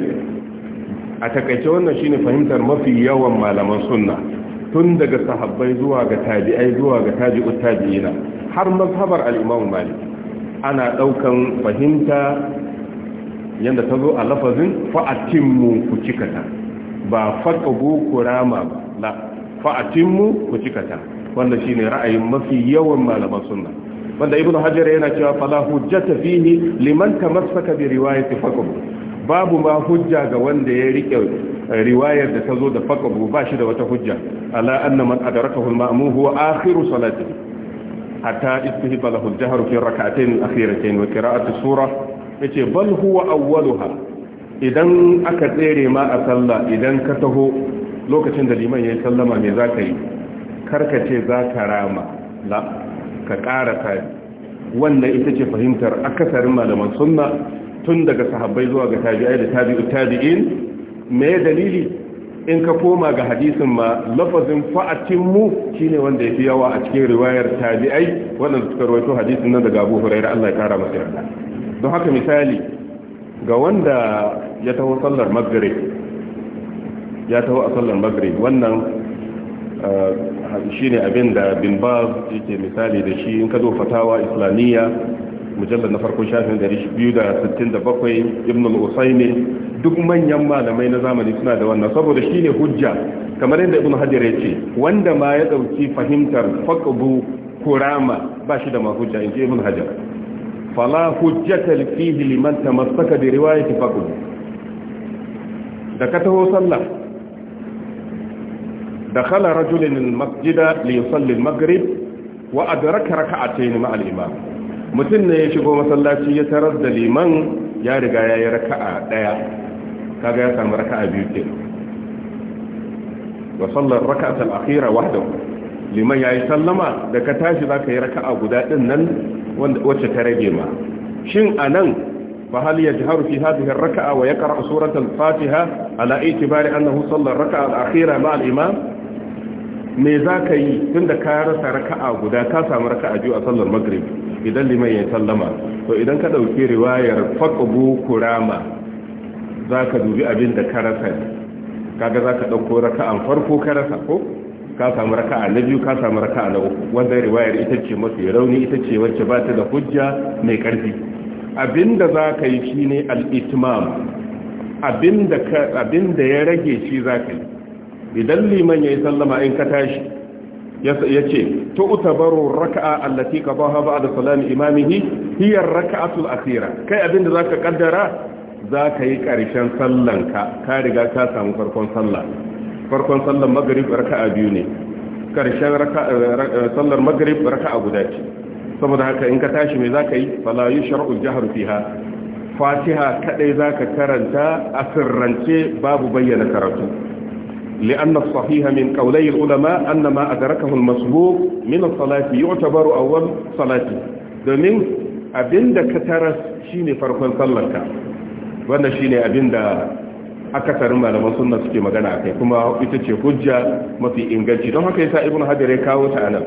a takaice wannan shi ne fahimtar mafi yawan malaman sunna tun daga sahabbai zuwa ga tabi'ai zuwa ga tabi'ut tabi'ina har mazhabar al'imam malik ana ɗaukan fahimta yadda ta zo a lafazin fa'atinmu ku cikata ba faɗaɓo ku rama ba la fa'atinmu ku cikata wanda shi ne ra'ayin mafi yawan malaman sunna wanda ibn hajjar yana cewa fala ta fihi liman tamassaka bi riwayati faqahu babu ma hujja ga wanda ya rike riwayar da ta zo da faqahu ba shi da wata hujja ala anna man adrakahu huwa akhiru salati hatta istihba lahu al-jahru fi rak'atayn al-akhiratayn wa qira'atu surah yace bal huwa awwaluha idan aka tsere ma a sallah idan ka taho lokacin da liman yayin sallama me zaka yi karka ce zaka rama la ka ƙara kai wannan ita ce fahimtar akasarin malaman sunna tun daga sahabbai zuwa ga tabi'ai da tabi'ut tabi'in me dalili in ka koma ga hadisin ma lafazin fa'atin mu shine wanda yafi yawa a cikin riwayar tabi'ai wannan suka rawaito hadisin nan daga Abu Hurairah Allah ya kara masa yarda don haka misali ga wanda ya taho sallar maghrib ya taho a sallar maghrib wannan eh, shine abin da bin baz yake misali da shi in ka zo fatawa islamiyya mujallar na farkon shafin 267 ibn al-usaymi duk manyan malamai na zamani suna da wannan saboda shine hujja kamar yadda ibn hajar ya ce wanda ma ya dauki fahimtar faqbu kurama ba shi da mahujja in ji ibn hajar fala hujjata fihi liman tamassaka bi riwayati faqbu da ka taho sallah dakhala rajulun al-masjida li yusalli al-maghrib wa mutum ne ya shigo masallaci ya tarar da liman ya riga ya yi raka'a ɗaya kaga ya samu raka'a biyu ke wa sallar raka'a al-akhira wahdahu liman yi sallama da ka tashi za ka yi raka'a guda din nan wacce ta rage ma shin a nan fa hal yajharu fi hadhihi ar-raka'a wa yaqra'u surat al-fatiha ala itibari annahu sallar raka'a al-akhira ma al-imam me ka yi tunda ka rasa raka'a guda ka samu raka'a biyu a sallar maghrib idan liman ya sallama to idan ka ɗauki riwayar faqbu kurama za dubi abin da ka rasa kaga za ka ɗauko raka'an farko ka rasa ko ka samu raka'a na biyu ka samu raka'a na uku wannan riwayar ita ce mafi rauni ita ce wacce ba ta da hujja mai karfi abinda za ka yi shine al-itmam abinda ya rage shi za yi idan liman ya sallama in ka tashi ya ce ta baro raka'a allati qadaha ba'da salami imamihi raka'a raka'atul akhira kai abinda zaka kaddara zaka yi karshen sallanka. ka riga ka samu farkon sallah farkon sallar maghrib raka'a biyu ne karshen eh, sallar maghrib raka'a guda ce saboda haka in ka tashi me zaka yi fala shar'u jihar fiha fatiha kadai zaka karanta asirrance babu bayyana karatu لأن الصحيح من قولي العلماء أن ما أدركه المسبوق من الصلاة يعتبر أول صلاة domin abinda ka taras shine farkon ka. wannan shine abinda akasarin malaman sunna suke magana akai kuma ita ce hujja mafi inganci don haka yasa ibnu hajar ya kawo ta anan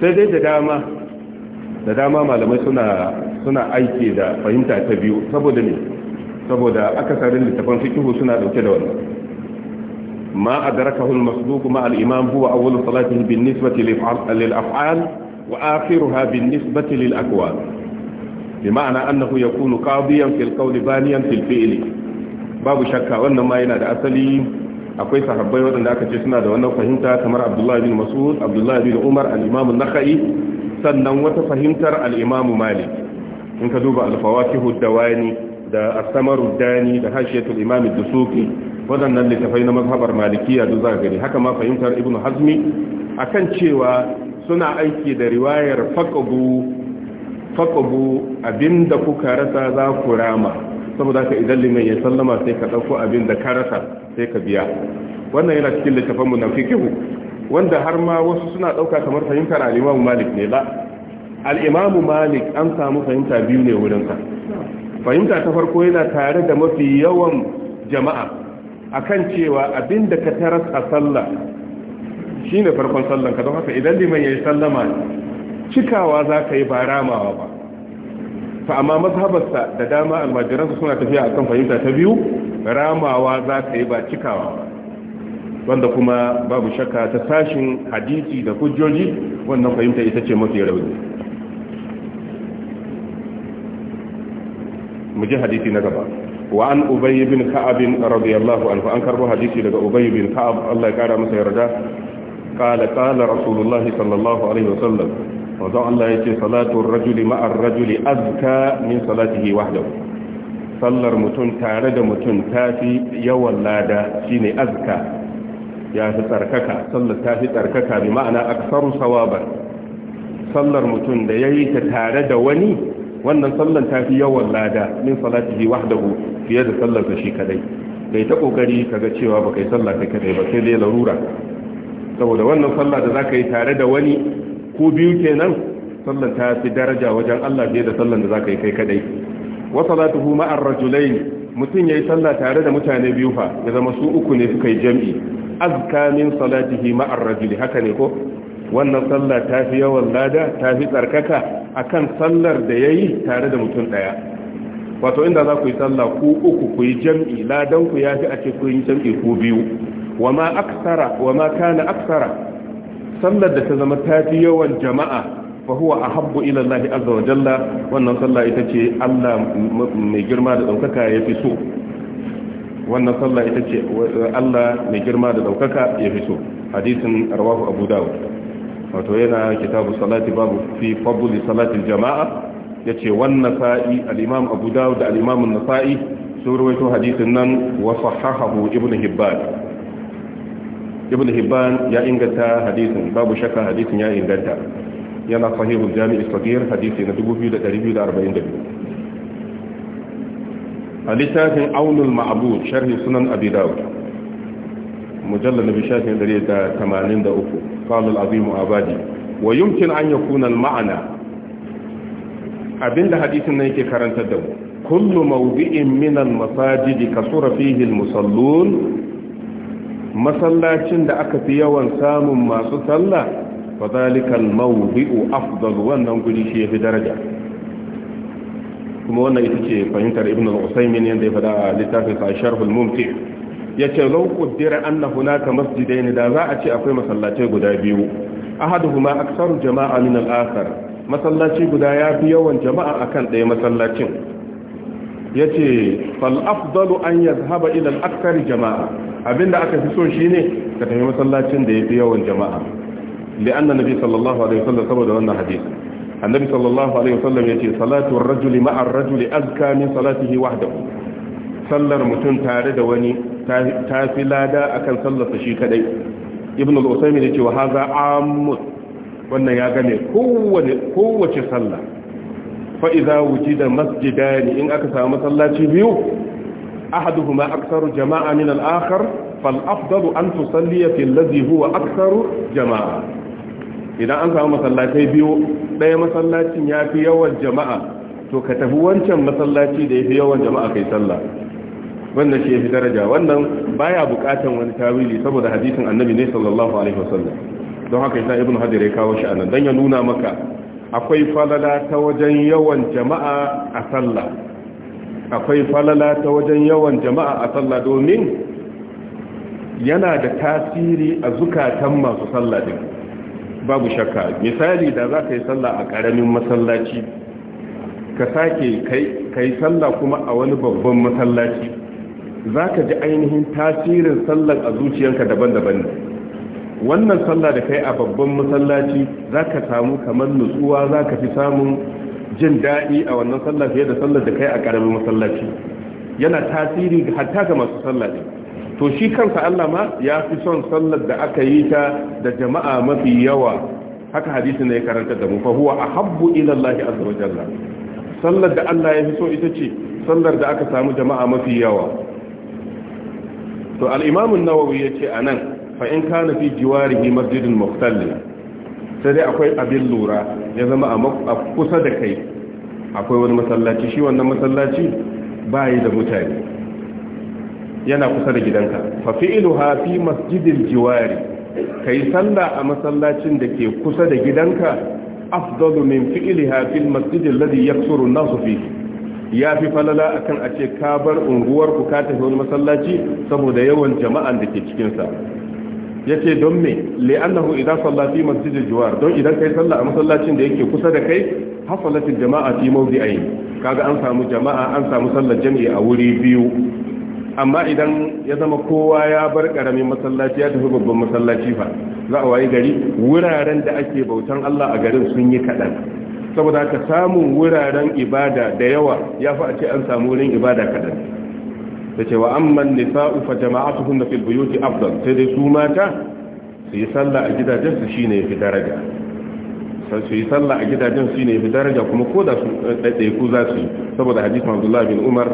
sai dai da dama da dama malamai suna suna da fahimta ta biyu saboda ne saboda akasarin littafan fiqh suna dauke da wannan ما أدركه المسبوق مع الإمام هو أول صلاته بالنسبة للأفعال وآخرها بالنسبة للأقوال بمعنى أنه يكون قاضيا في القول بانيا في الفعل babu shakka wannan ma yana da asali akwai sahabbai waɗanda aka ce suna da wannan fahimta kamar abdullahi bin masud abdullahi bin umar al-imamu sannan wata fahimtar al-imamu malik in ka duba al-fawakihu dawani da as da hashiyatul dusuki waɗannan littafai na mazhabar malikiya duk za gani haka ma fahimtar ibn hazmi akan cewa suna aiki da riwayar faqabu faqabu abinda kuka rasa za ku rama saboda haka idan liman ya sallama sai ka dauko abinda ka rasa sai ka biya wannan yana cikin littafin munafiqihu wanda har ma wasu suna dauka kamar fahimtar al'imamu Malik ne ba al'imamu Malik an samu fahimta biyu ne wurin ka fahimta ta farko yana tare da mafi yawan jama'a akan cewa abin da ka taras a sallah shine farkon sallan ka don haka idan liman yayi sallama cikawa za ka yi ba ramawa ba fa amma mazhabarsa da dama almajiransa suna tafiya akan fahimta ta biyu ramawa za ka yi ba cikawa ba wanda kuma babu shakka ta sashin hadisi da hujjoji wannan fahimta ita ce mafi rauni mu ji hadisi na gaba wa'an an ubay bin ka'ab radiyallahu anhu an karbo hadisi daga ubay bin ka'ab Allah ya kara masa yarda qala qala rasulullah sallallahu alaihi wasallam wanda Allah yake salatu rajuli ma'a rajuli azka min salatihi wahdahu sallar mutum tare da mutum tafi yawan lada shine azka ya fi tsarkaka sallar ta tsarkaka bi ma'ana aksaru sawaban sallar mutum da yayi ta tare da wani wannan sallan ta fi yawan lada min salatihi wahdahu fiye da sallar sallarsa shi kadai kai ta kokari kaga cewa ba kai sallah kai kadai ba sai dai larura saboda wannan sallah da zaka yi tare da wani ko biyu kenan sallan ta fi daraja wajen Allah fiye da sallan da zaka yi kai kadai wa salatuhu ma'ar rajulain mutum yayi sallah tare da mutane biyu fa ya zama su uku ne suka yi jam'i azka min salatihi ma'ar rajuli haka ne ko wannan sallah ta fi yawan lada ta fi tsarkaka kan sallar da ya yi tare da mutum ɗaya wato inda za ku yi sallah ku uku ku yi jam'i ladan ku ya fi a ce ku yi jam'i ku biyu wa ma aksara wa ma kana aksara sallar da ta zama ta fi yawan jama'a fa huwa ahabbu ila Allah azza wa jalla wannan sallah ita ce Allah mai girma da daukaka ya fi so wannan sallah ita ce Allah mai girma da ɗaukaka ya fi so hadisin arwahu abu dawud wato yana kitabu salati babu fi fadli salatil jama'a yace wannan sa'i al-imam abu dawud da al-imam an-nasa'i sun rawaito hadisin nan wa sahahahu ibnu hibban ibnu hibban ya inganta hadisin babu shakka hadisin ya inganta yana sahihul jami'i saghir hadisi na 2242 a littafin aunul ma'abud sharhi sunan abi dawud mujallar na bishafin 183 kalul azimu abadi wa yumkin an yakuna ma'ana abinda hadisin nan yake karantar da mu kullu mawdi'in min al-masajid kasura fihi al-musallun masallacin da aka fi yawan samun masu sallah fa zalika al-mawdi'u afdal wannan guri shi yafi daraja kuma wannan ita ce fahimtar ibn al-usaymin yanda ya fada a littafin sa sharh mumti yace law qaddara anna hunaka masjidain da za a ce akwai masallatai guda biyu ahaduhuma aktsaru jama'a min al-akhar masallaci guda yafi yawan jama'a akan ɗaya masallacin yace fal afdalu an yadhhaba ila al-akthar jama'a abinda aka fi so shine ka tafi masallacin da yafi yawan jama'a li'anna nabi sallallahu alaihi wasallam saboda wannan hadisi annabi sallallahu alaihi wasallam yace salatu ar-rajuli ma'a ar-rajuli azka min salatihi wahdahu sallar mutum tare da wani ta fi lada akan sallarsa shi kadai ibn al-usaymin yace wa haza ammut wannan ya gane kowace kowace sallah fa idza masjidani in aka samu masallaci biyu ma aktharu jama'a min al'akar akhar fal afdalu an tusalliya fi alladhi huwa jama'a idan an samu masallatai biyu ɗaya masallacin yafi yawan jama'a to ka tafi wancan masallaci da ya fi yawan jama'a kai sallah wannan shi yafi daraja wannan baya bukatan wani tawili saboda hadisin annabi ne sallallahu alaihi wasallam don haka yasa ibnu hajar ya kawo shi anan dan ya nuna maka akwai falala ta wajen yawan jama'a a sallah akwai falala ta wajen yawan jama'a a sallah domin yana da tasiri a zukatan masu sallah din babu shakka misali da za ka yi sallah a ƙaramin masallaci ka sake kai sallah kuma a wani babban masallaci za ka ji ainihin tasirin sallar a zuciyanka daban-daban ne wannan sallar da kai a babban masallaci za ka samu kamar nutsuwa za ka fi samun jin daɗi a wannan sallah fiye da sallar da kai a ƙaramin masallaci yana tasiri ga hatta ga masu sallah ne to shi kansa Allah ma ya fi son sallar da aka yi ta da jama'a mafi yawa haka hadisi ne ya karanta da mu fa huwa ahabbu ila Allah azza wa jalla sallar da Allah ya fi so ita ce sallar da aka samu jama'a mafi yawa to al-imam an-nawawi a nan, fa in kana fi jiwari jiwarihi masjidin muftallin sai dai akwai abin lura ya zama a kusa da kai akwai wani masallaci shi wannan masallaci ba yi da mutane yana kusa da gidanka fa fi'luha fi masjidin jiwari Ka yi salla a masallacin da ke kusa da gidanka afdalu fi fi'liha fil masjidin Ladi yaksuru an-nasu fi. ya fi falala akan a ce ka bar unguwar ku ka tafi wani masallaci saboda yawan jama'an da ke cikinsa yace don me li'annahu idan salla fi masjidil jiwar don idan kai salla a masallacin da yake kusa da kai hasalatil jama'a fi Ka kaga an samu jama'a an samu sallar jami'i a wuri biyu amma idan ya zama kowa ya bar karamin masallaci ya tafi babban masallaci fa za a wayi gari wuraren da ake bautan Allah a garin sun yi kaɗan. saboda ka samun wuraren ibada da yawa ya fi a ce an samu wurin ibada kadan ta ce wa amman nisa'u fa jama'atuhunna fil buyuti afdal sai dai su mata su yi sallah a gidajen su shine yafi daraja sai su yi sallah a gidajen su shine yafi daraja kuma ko da su dade eh, ku za su saboda hadisin Abdullah bin Umar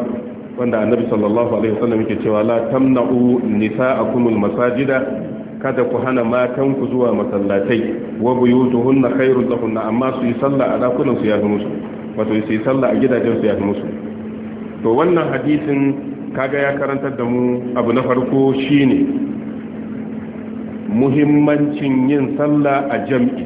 wanda annabi sallallahu alaihi wasallam yake cewa la tamna'u nisa'akumul masajida kada ku hana matan ku zuwa masallatai wa buyutuhunna khairul lahunna amma su yi sallah a dakunan su ya fi musu wato su yi sallah a gidajen su ya fi musu to wannan hadisin kaga ya karantar da mu abu na farko shine muhimmancin yin sallah a jam'i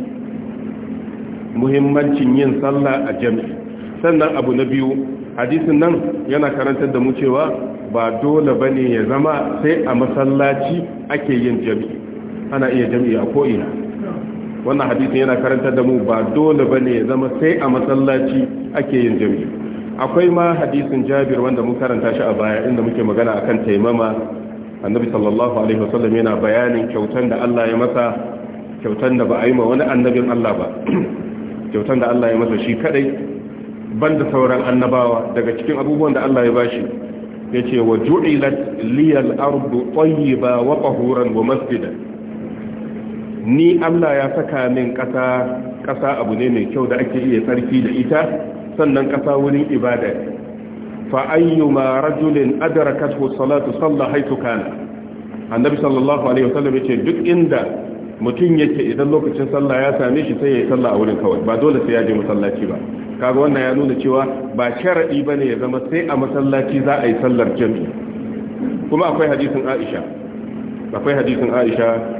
muhimmancin yin sallah a jam'i sannan abu na biyu hadisin nan yana karantar da mu cewa ba dole bane ya zama sai a masallaci ake yin jam'i ana iya jam'i a ko'ina wannan hadisin yana karanta da mu ba dole ba ne ya zama sai a masallaci ake yin jam'i akwai ma hadisin jabir wanda mun karanta shi a baya inda muke magana akan taimama annabi sallallahu alaihi wasallam yana bayanin kyautan da Allah ya masa kyautan da ba a yi ma wani annabin Allah ba kyautan da Allah ya masa shi kadai banda sauran annabawa daga cikin abubuwan da Allah ya bashi yace wa ju'ilat liyal ardu tayyiba wa tahuran wa masjidan ni Allah ya saka min ƙasa ƙasa abu ne mai kyau da ake iya tsarki da ita sannan ƙasa wurin ibada fa ayyuma rajulin adrakathu salatu salla haythu kana annabi sallallahu alaihi wasallam yace duk inda mutum yake idan lokacin sallah ya same shi sai ya sallah a wurin kawai ba dole sai ya je masallaci ba kaga wannan ya nuna cewa ba sharadi bane ya zama sai a masallaci za a yi sallar jami'i kuma akwai hadisin Aisha akwai hadisin Aisha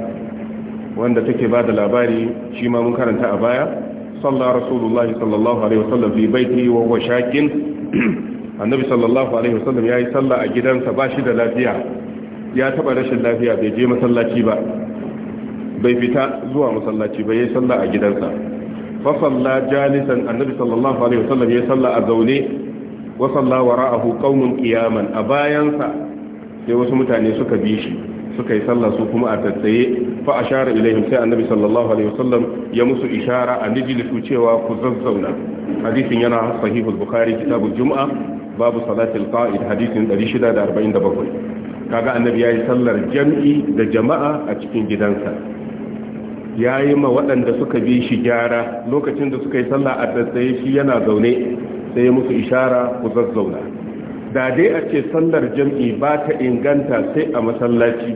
wanda take ba da labari shi ma mun karanta a baya salla rasulullahi sallallahu alaihi wasallam fi baiti wa huwa shakin annabi sallallahu alaihi wasallam yayi salla a gidansa ba shi da lafiya ya taba rashin lafiya bai je masallaci ba bai fita zuwa masallaci ba yayi salla a gidansa fa salla jalisan annabi sallallahu alaihi wasallam yayi salla a zaune wa salla wara'ahu qaumun qiyaman a bayansa sai wasu mutane suka bi shi suka yi sallah su kuma a tattaye fa ashara ilaihim sai annabi sallallahu alaihi wasallam ya musu ishara a su cewa ku zazzauna hadisin yana sahihul bukhari kitabul jumu'a babu salatul qa'id hadisin 647 kaga annabi yayi sallar jam'i da jama'a a cikin gidansa yayi ma waɗanda suka bi shi gyara lokacin da suka yi sallah a tattaye shi yana zaune sai ya musu ishara ku zazzauna da dai a ce sallar jam'i ba ta inganta sai a masallaci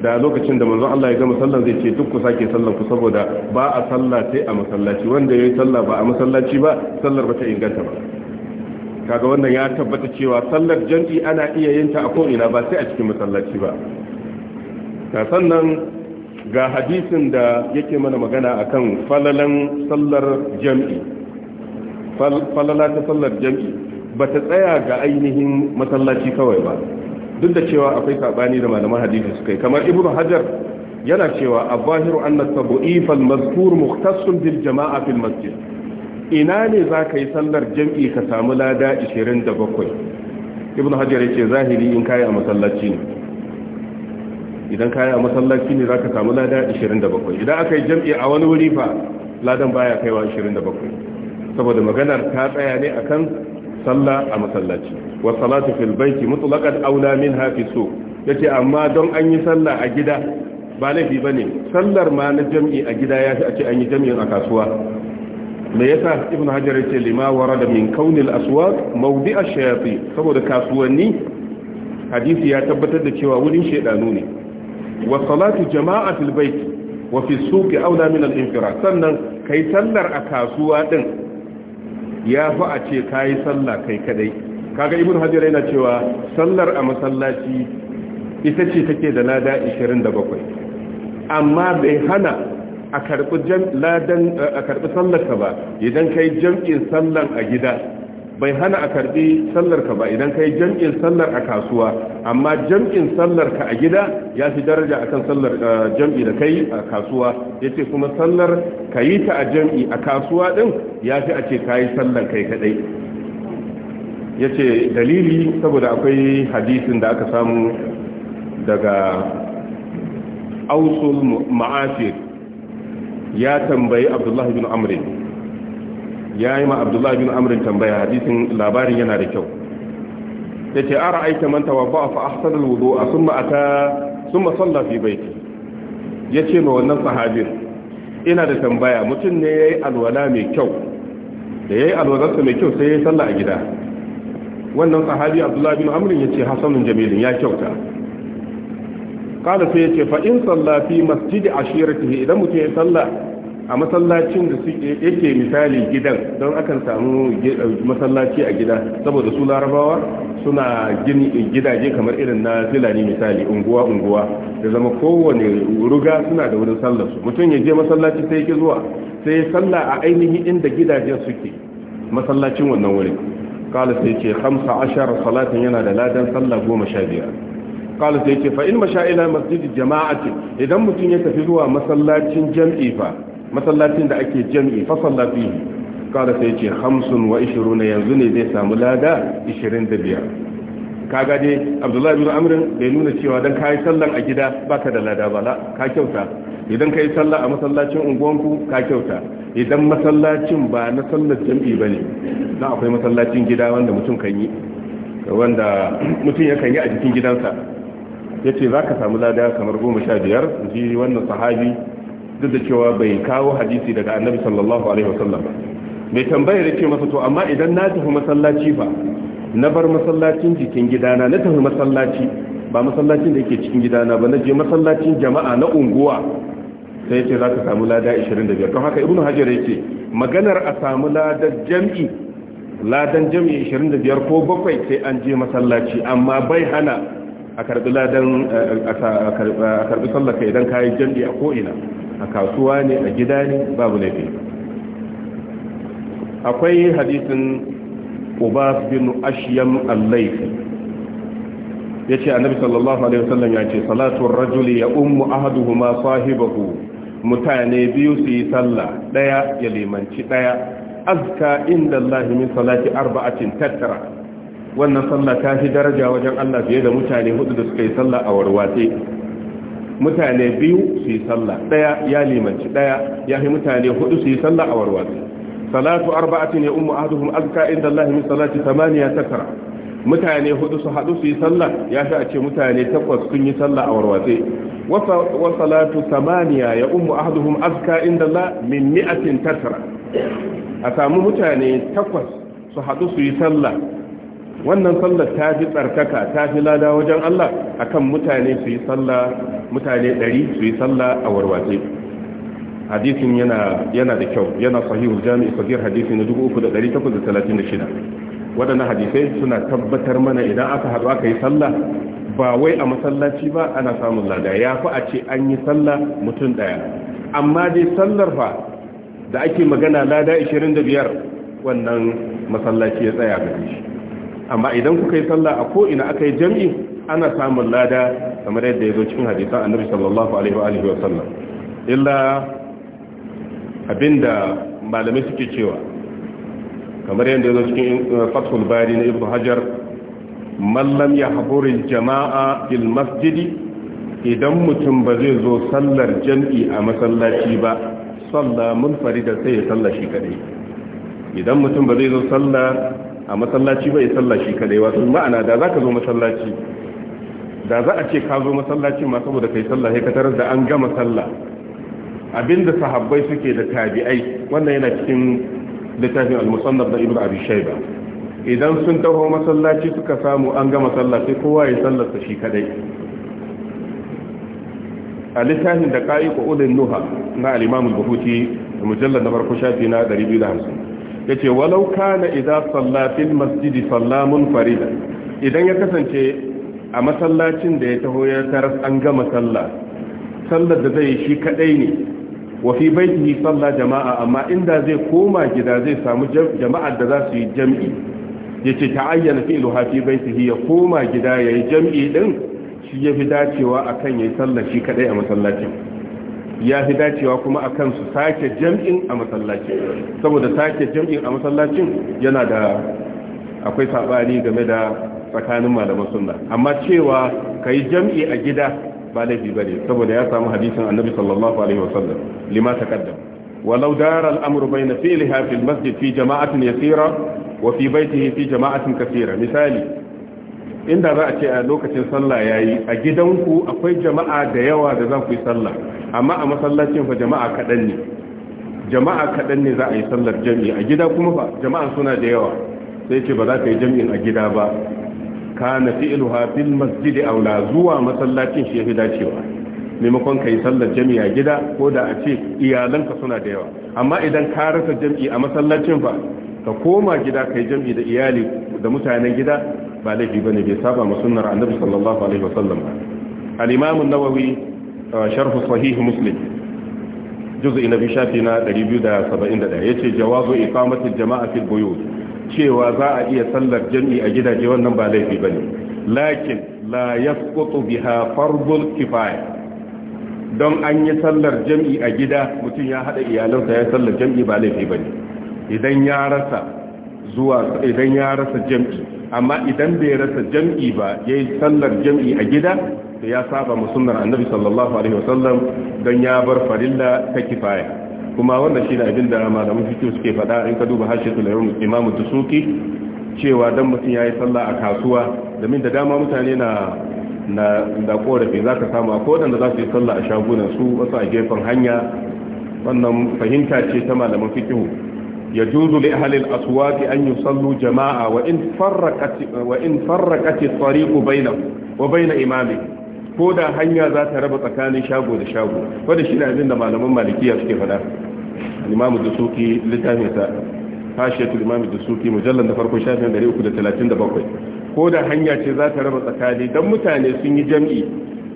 da lokacin da manzon Allah ya gama sallar zai ce duk ku sake sallar ku saboda ba a sallar sai a masallaci wanda ya yi salla ba a masallaci ba sallar ba ta inganta ba kaga wannan ya tabbata cewa sallar jam'i ana iya yin ta a ko'ina ba sai a cikin masallaci ba ta sannan ga hadisin da yake mana magana akan falalan sallar jam'i falala ta sallar jam'i ba ta tsaya ga ainihin masallaci kawai ba duk da cewa akwai sabani da malaman hadisi suka yi kamar ibnu hajar yana cewa abahiru anna tabu'if al-mazkur mukhtassun bil jama'a fil masjid ina ne za ka yi sallar jam'i ka samu lada 27 ibnu hajar yace zahiri in kai a masallaci ne idan kai a masallaci ne za ka samu lada 27 idan aka yi jam'i a wani wuri fa ladan baya kaiwa 27 saboda maganar ta tsaya ne akan salla a masallaci wa salatu fil baiti mutlaqat aula minha fi suq yace amma don an yi salla a gida ba laifi bane sallar ma na jami'i a gida ya a ce an yi jami'in a kasuwa me yasa ibnu hajar yace lima warada min kaunil aswaq mawdi'a shayatin saboda kasuwanni hadisi ya tabbatar da cewa wurin shedanu ne wa salatu jama'atil baiti wa fi suqi aula min al sannan kai sallar a kasuwa din ya fi a ce ka yi sallah kai kadai kaga ibn hajjar yana cewa sallar a masallaci ita ce take da lada 27 amma bai hana a karɓi sallarka ba idan ka yi jam'in sallan a gida bai hana a karbi sallar ka ba idan kai jam'in sallar a kasuwa amma jam'in sallar ka a gida ya fi daraja akan sallar eh, jam'i da kai a kasuwa yace kuma sallar ka yi ta a jam'i a kasuwa din ya fi a ce kayi sallar kai kadai yace dalili saboda akwai hadisin da aka samu daga ausul ma'asir ya tambayi abdullahi bin amrin ya yi ma abdullahi bin amrin tambaya hadisin labarin yana da kyau ya ce ara aika man tawabba fa ahsanal wudu'a thumma ata thumma salla fi baiti ya ce ma wannan sahabin ina da tambaya mutum ne ya yi alwala mai kyau da ya yi alwalarsa mai kyau sai ya yi salla a gida wannan sahabi abdullahi bin amrin ya ce hasanun jamilin ya kyauta kada sai ya ce fa in salla fi masjidi ashiratihi idan mutum ya salla a masallacin da yake misali gidan don akan samu masallaci a gida saboda su larabawa suna gidaje kamar irin na filani misali unguwa-unguwa da zama kowane ruga suna da wurin sallarsu mutum ya je masallaci sai yake zuwa sai salla a ainihin inda gidajen suke masallacin wannan wuri. kala sai ce 15 salatin yana da ladan sallah goma sha biyar kala sai ce fa in masha ila jama'ati idan mutum ya tafi zuwa masallacin jam'i fa masallacin da ake jami'i fa sallafi kada sai ce 25 yanzu ne zai samu lada 25 kaga dai abdullahi bin amrin bai nuna cewa dan kai sallan a gida baka da lada ba ka kyauta idan kai sallah a masallacin unguwanku ka kyauta idan masallacin ba na sallar ba bane dan akwai masallacin gida wanda mutum kan yi wanda mutum yakan yi a cikin gidansa yace zaka samu lada kamar 15 ji wannan sahabi duk da cewa bai kawo hadisi daga annabi sallallahu alaihi wasallam mai tambayar ya ce masa to amma idan na tafi masallaci ba na bar masallacin jikin gidana na tafi masallaci ba masallacin da yake cikin gidana ba na je masallacin jama'a na unguwa sai ce za ka samu lada 25 don haka ibnu hajar yace maganar a samu ladan jam'i ladan jam'i 25 ko bakwai sai an je masallaci amma bai hana a karbi ladan eh, a karbi sallaka idan kayi jam'i a ko ina a kasuwa ne a gida ne babu laifi akwai hadisin ubas bin ashyam al-laifi yace annabi sallallahu alaihi wasallam ya ce salatu rajuli ya ummu ahaduhuma sahibahu mutane biyu su yi sallah daya ya limanci daya azka inda Allah min salati arba'atin tattara wannan sallah ta fi daraja wajen Allah fiye da mutane hudu da suka yi sallah a warwatse mutane biyu su yi sallah daya ya limanci daya ya fi mutane hudu su yi sallah a warwatsi salatu arba'atin ya ummu ahaduhum azka inda Allah min salati tamaniya takara mutane hudu su hadu su yi sallah ya fi a ce mutane takwas sun yi sallah a warwatsi wa salatu tamaniya ya ummu ahaduhum azka inda Allah min mi'atin takara a samu mutane takwas su hadu su yi sallah wannan sallar ta fi tsarkaka ta fi lada wajen Allah akan mutane su yi sallah mutane ɗari su yi sallah a warwace hadisin yana yana da kyau yana sahihul jami'i sahih hadisi na 3836 waɗannan hadisai suna tabbatar mana idan aka haɗu aka yi sallah ba wai a masallaci ba ana samun lada ya fi a ce an yi sallah mutum ɗaya amma dai sallar fa da ake magana lada 25 wannan masallaci ya tsaya ga shi amma idan kuka yi sallah a ko ina aka yi jam'i ana samun lada kamar yadda ya zo cikin hadisan annabi sallallahu alaihi wa alihi illa abinda malamai suke cewa kamar yadda ya zo cikin eh, fathul bari na ibnu hajar mallam lam yahburu jama'a fil masjidi idan mutum ba zai zo sallar jam'i a masallaci ba sallah mun munfarida sai ya sallah shi kadai idan mutum ba zai zo sallah a masallaci bai sallah shi kadai wato ma'ana da zaka zo masallaci da za a ce ka zo masallaci ma saboda kai sallah sai ka tarar da an gama sallah abinda sahabbai suke da tabi'ai wannan yana cikin littafin al-musannaf da ibnu abi shayba idan sun taho masallaci suka samu an gama sallah sai kowa ya sallarsa shi kadai a littafin da ka'i ƙa'udin nuha na al-imam al bukhari mujallad na farko shafi na 250 yace walau kana idza salla fil masjidi sallamun farida idan ya kasance a masallacin da ya taho ya taras an gama sallah sallar da zai shi kadai ne wa fi baitihi salla jama'a amma inda zai koma gida zai samu jama'ar da za su yi jam'i yace ta'ayyana fi'lu fi baitihi ya koma gida yayi jam'i din shi yafi dacewa akan yayi sallar shi kadai a masallacin ya fi dacewa kuma a kansu sake jam'in a masallacin saboda sake jam'in a masallacin yana da akwai saɓani game da tsakanin malaman sunna amma cewa ka yi jam'i a gida ba laifi ba ne saboda ya samu hadisin annabi sallallahu alaihi wasallam lima taqaddam ولو دار masjid fi فعلها في المسجد في جماعة يسيرة وفي بيته في جماعة كثيرة misali. inda za a ce a lokacin sallah ya yi a gidanku akwai jama'a da yawa da za ku yi sallah amma a masallacin fa jama'a kaɗan ne jama'a kaɗan ne za a yi sallar jami'i a gida kuma fa jama'a suna da yawa sai ce ba za ka yi jami'in a gida ba ka na fi fi'luha fil masjidi aula zuwa masallacin shi ya fi dacewa maimakon ka yi sallar jami'a a gida ko da a ce iyalanka suna da yawa amma idan ka rasa jami'i a masallacin fa ka koma gida ka yi jami'i da iyali da mutanen gida ba laifi bane bai saba ma sunnar annabi sallallahu alaihi wasallam ba al-imam an-nawawi uh, sharh sahih muslim juz'i na bi shafi na 271 yace jawazu iqamati al-jama'a fil buyut cewa za a iya sallar jami'i a gidaje wannan ba laifi bane lakin la yasqutu biha fardul kifaya don an yi sallar jami'i a gida mutum ya hada iyalansa ya sallar jami'i ba laifi bane idan ya rasa zuwa idan ya rasa jam'i amma idan bai rasa jam'i ba yayi sallar jam'i a gida to ya saba mu annabi sallallahu alaihi wasallam dan ya bar farilla ta kifaya kuma wannan shi ne abin da malamin fiqh suke faɗa in ka duba hashiyatul imam tusuki cewa dan mutum yi sallah a kasuwa domin da dama mutane na na da korafi zaka samu a kodan da za su yi sallah a shagunan su wasu a gefen hanya wannan fahimta ce ta malamin fikihu. يجوز لأهل الأصوات أن يصلوا جماعة وإن فرقت, وإن فرقت الطريق بينهم وبين إمامه ko da hanya za ta raba tsakanin shago da shago wanda shi ne abin da malaman malikiya suke fada limamu da suki littafin sa hashiyatul imam da suki mujallal da farko shafin 337 ko da hanya ce za ta raba tsakani dan mutane sun yi jam'i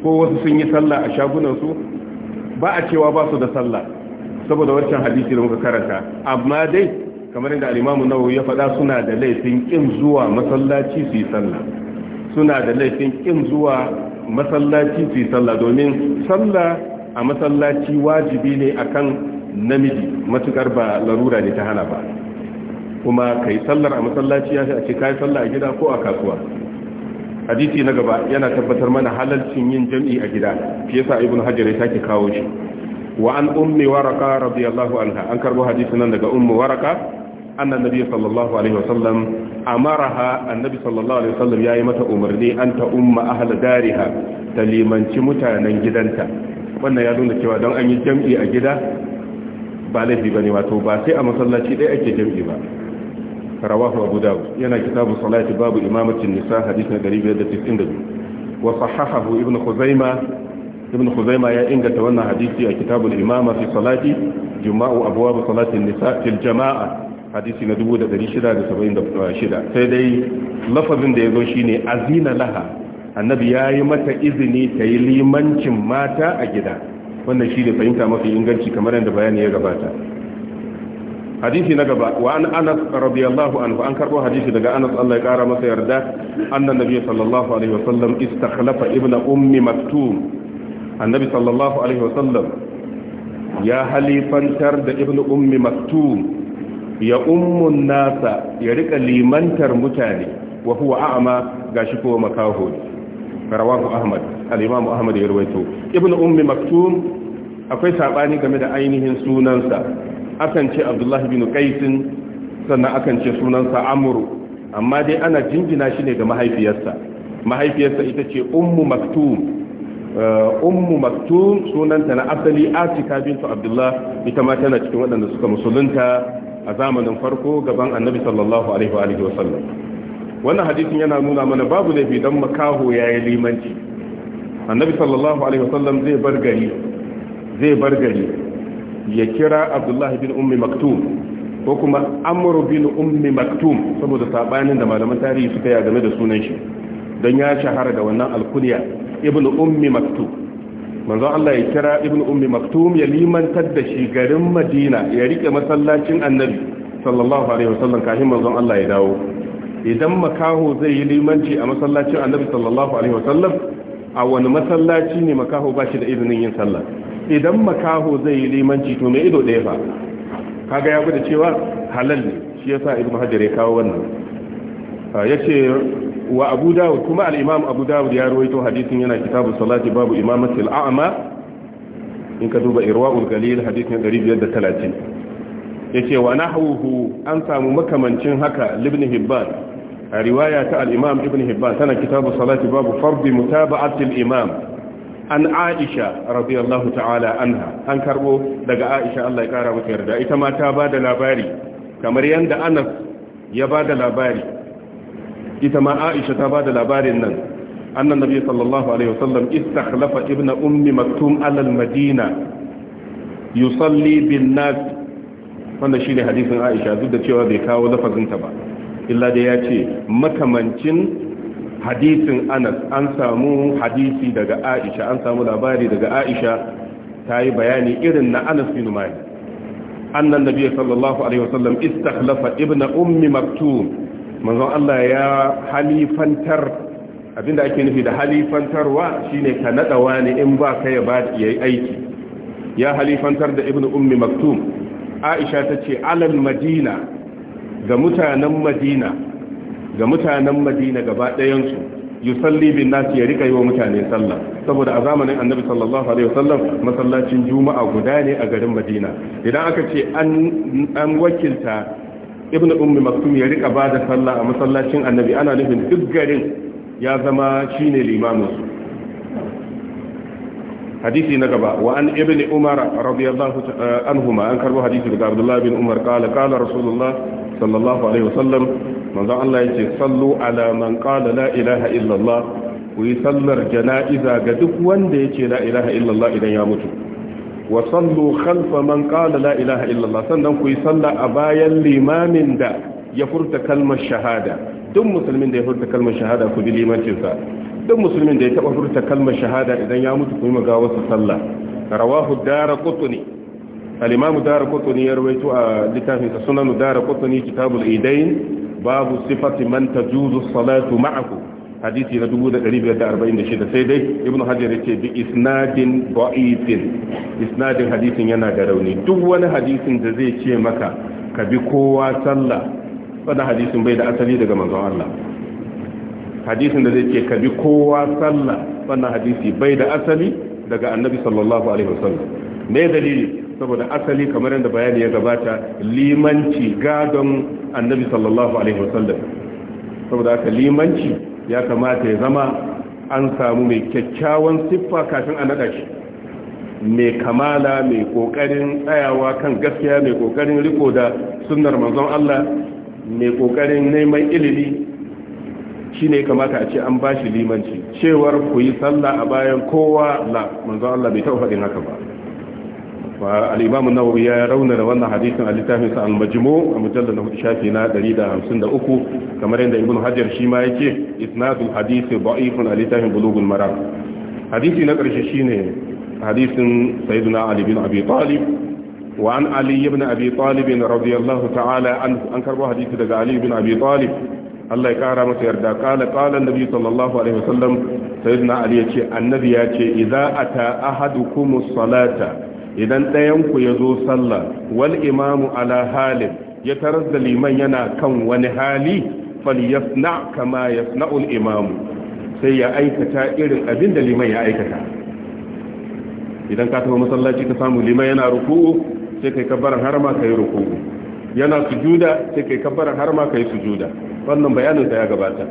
ko wasu sun yi sallah a shagunansu ba cewa ba su da sallah saboda wancan hadisi da muka karanta amma dai kamar yadda al-Imam Nawawi ya faɗa suna da laifin kin zuwa masallaci su sallah suna da laifin ƙin zuwa masallaci su yi sallah domin sallah a masallaci wajibi ne akan namiji matukar ba larura ne ta hana ba kuma kai sallar a masallaci ya ce kai sallah a gida ko a kasuwa hadisi na gaba yana tabbatar mana halalcin yin jam'i a gida shi yasa ibn hajar ya sake kawo shi wa an ummi waraka radiyallahu anha an karbo hadisi nan daga ummi waraka anna nabi sallallahu alaihi wasallam amaraha annabi sallallahu alaihi wasallam yayi mata umarni an ta umma ahla dariha ta mutanen gidanta wannan ya nuna cewa don an yi jam'i a gida ba laifi bane wato ba sai a masallaci dai ake jam'i ba rawahu abu dawud yana kitabu salati babu imamatin nisa hadith na 592 wa sahahahu ibn ibn khuzaima ya inganta wannan hadisi a kitabul imama fi salati juma'u abwab salati nisa fil jama'a hadisi na 1676 sai dai lafazin da yazo shine azina laha annabi yayi mata izini ta yi limancin mata a gida wannan shine fahimta mafi inganci kamar yadda bayani ya gabata hadisi na gaba wa an anas radiyallahu anhu an karbo hadisi daga anas Allah ya kara masa yarda annan nabi sallallahu alaihi wasallam istakhlafa ibna ummi maktum annabi sallallahu alaihi wasallam ya halifantar da ibn ummi maktum ya ummun nasa ya rika limantar mutane wa huwa a'ma gashi ko makaho rawahu ahmad al-imam ahmad ya rawaito ibn ummi maktum akwai sabani game da ainihin sunansa akan ce abdullahi bin qais sannan akan ce sunansa amru amma dai ana jingina shi ne ga mahaifiyarsa mahaifiyarsa ita ce ummu maktum Eh, ummu maktum sunanta na asali atika bintu abdullah ita ma tana cikin waɗanda suka musulunta a zamanin farko gaban annabi sallallahu alaihi wa alihi wasallam wannan hadisin yana nuna mana babu laifi dan makaho yayi limanci annabi sallallahu alaihi wasallam zai bar gari zai bar gari ya kira abdullah bin ummi maktum ko kuma amru bin ummi maktum saboda sabanin da malaman tarihi suka yi game da sunan shi don ya shahara da wannan alkuniya ibn ummi maktum manzo Allah ya kira ibn ummi maktum ya limantar da shi garin madina ya rike masallacin annabi sallallahu alaihi wasallam kafin manzon Allah ya dawo idan makaho zai yi limanci a masallacin annabi sallallahu alaihi wasallam a wani masallaci ne makaho ba shi da izinin yin sallah idan makaho zai yi limanci to mai ido ɗaya ba kaga ya da cewa halal ne shi yasa ibn hajar ya kawo wannan yace wa abu dawud kuma al'imam abu dawud ya rawaito hadisin yana kitabu salati babu imamatil a'ma in ka duba irwaul galil hadisin 530 yace wa nahwuhu an samu makamancin haka ibn hibban a riwaya ta al ibn hibban tana kitabu salati babu fardi mutaba'atul imam an aisha radiyallahu ta'ala anha an karbo daga aisha Allah ya kara mata yarda ita ma ta bada labari kamar yanda Anas ya bada labari ita ma aisha ta ba da labarin nan annan nabi sallallahu alaihi wasallam istakhlafa ibnu ummi maktum alal madina yusalli bin nas shi ne hadisin aisha duk da cewa bai kawo lafazinta ba illa da ya ce makamancin hadisin anas an samu hadisi daga aisha an samu labari daga aisha ta yi bayani irin na anas bin malik annan nabi sallallahu alaihi wasallam istakhlafa ibnu ummi maktum manzon Allah ya halifantar abinda ake nufi da halifantarwa shine ka nada wani in ba ka ya ba yayi aiki ya halifantar da ibnu ummi maktum aisha tace alal madina ga mutanen madina ga mutanen madina gaba ɗayan su yusalli bin nasi ya rika yi wa mutane sallah saboda a zamanin annabi sallallahu alaihi wasallam masallacin juma'a guda ne a garin madina idan aka ce an an wakilta ibnu ummi maktum ya rika bada sallah a masallacin annabi ana nufin duk garin ya zama shine ne limaminsu hadisi na gaba wa an ibni umar radiyallahu eh, anhuma an karbo hadisi daga abdullah bin umar qala qala rasulullah sallallahu alaihi wasallam manzo Allah yace sallu ala man qala la ilaha illa allah sallar jana'iza ga duk wanda yace la ilaha illa allah idan ya mutu wa sallu khalfa man qala la ilaha illallah sannan ku yi sallah a bayan limamin da ya furta kalmar shahada duk musulmin da ya furta kalmar shahada ku bi limancinsa duk musulmin da ya taba furta kalmar shahada idan ya mutu ku yi magawarsa sallah rawahu daraqutni al-imam daraqutni ya rawaito a littafin sunan daraqutni kitabul idain babu sifati man tajuzu salatu ma'ahu hadisi na 1546 sai dai ibnu hajar yace bi isnadin da'ifin isnadin hadisin yana da rauni duk wani hadisin da zai ce maka ka bi kowa sallah wannan hadisin bai da asali daga manzon Allah hadisin da zai ce ka bi kowa sallah wannan hadisi bai da asali daga annabi sallallahu alaihi wasallam me dalili saboda asali kamar yadda bayani ya gabata limanci gadon annabi sallallahu alaihi wasallam saboda haka limanci ya kamata ya zama an samu mai kyakkyawan siffa kafin a naɗa shi mai kamala mai ƙoƙarin tsayawa kan gaskiya mai ƙoƙarin riko da sunnar manzon Allah mai ƙoƙarin neman ilimi shi ne kamata a ce an ba shi limanci cewar ku yi sallah a bayan kowa la manzon Allah bai taɓa faɗin haka ba al-imam an-nawawi ya raunana wannan hadisin a littafin sa al-majmu a mujallar na shafi na 153 kamar yadda ibn hajar shi ma yake isnadul hadisi da'ifun a littafin bulughul maram hadisi na karshe shine hadisin sayyidina ali bin abi talib wa an ali ibn abi talib radiyallahu ta'ala an karbo hadisi daga ali ibn abi talib Allah ya kara masa yarda kala kala nabi sallallahu alaihi wasallam sayyidina ali yace annabi yace idza ata ahadukum salata idan ɗayanku ya zo sallah wal imamu ala halin ya tarar da liman yana kan wani hali falyasna kama ul imamu sai ya aikata irin abin da liman ya aikata idan ka tafi masallaci ka samu liman yana ruku'u sai kai kabbaran har ma kai ruku'u yana sujuda sai kai kabbaran har ma kai sujuda wannan bayanin sa ya gabata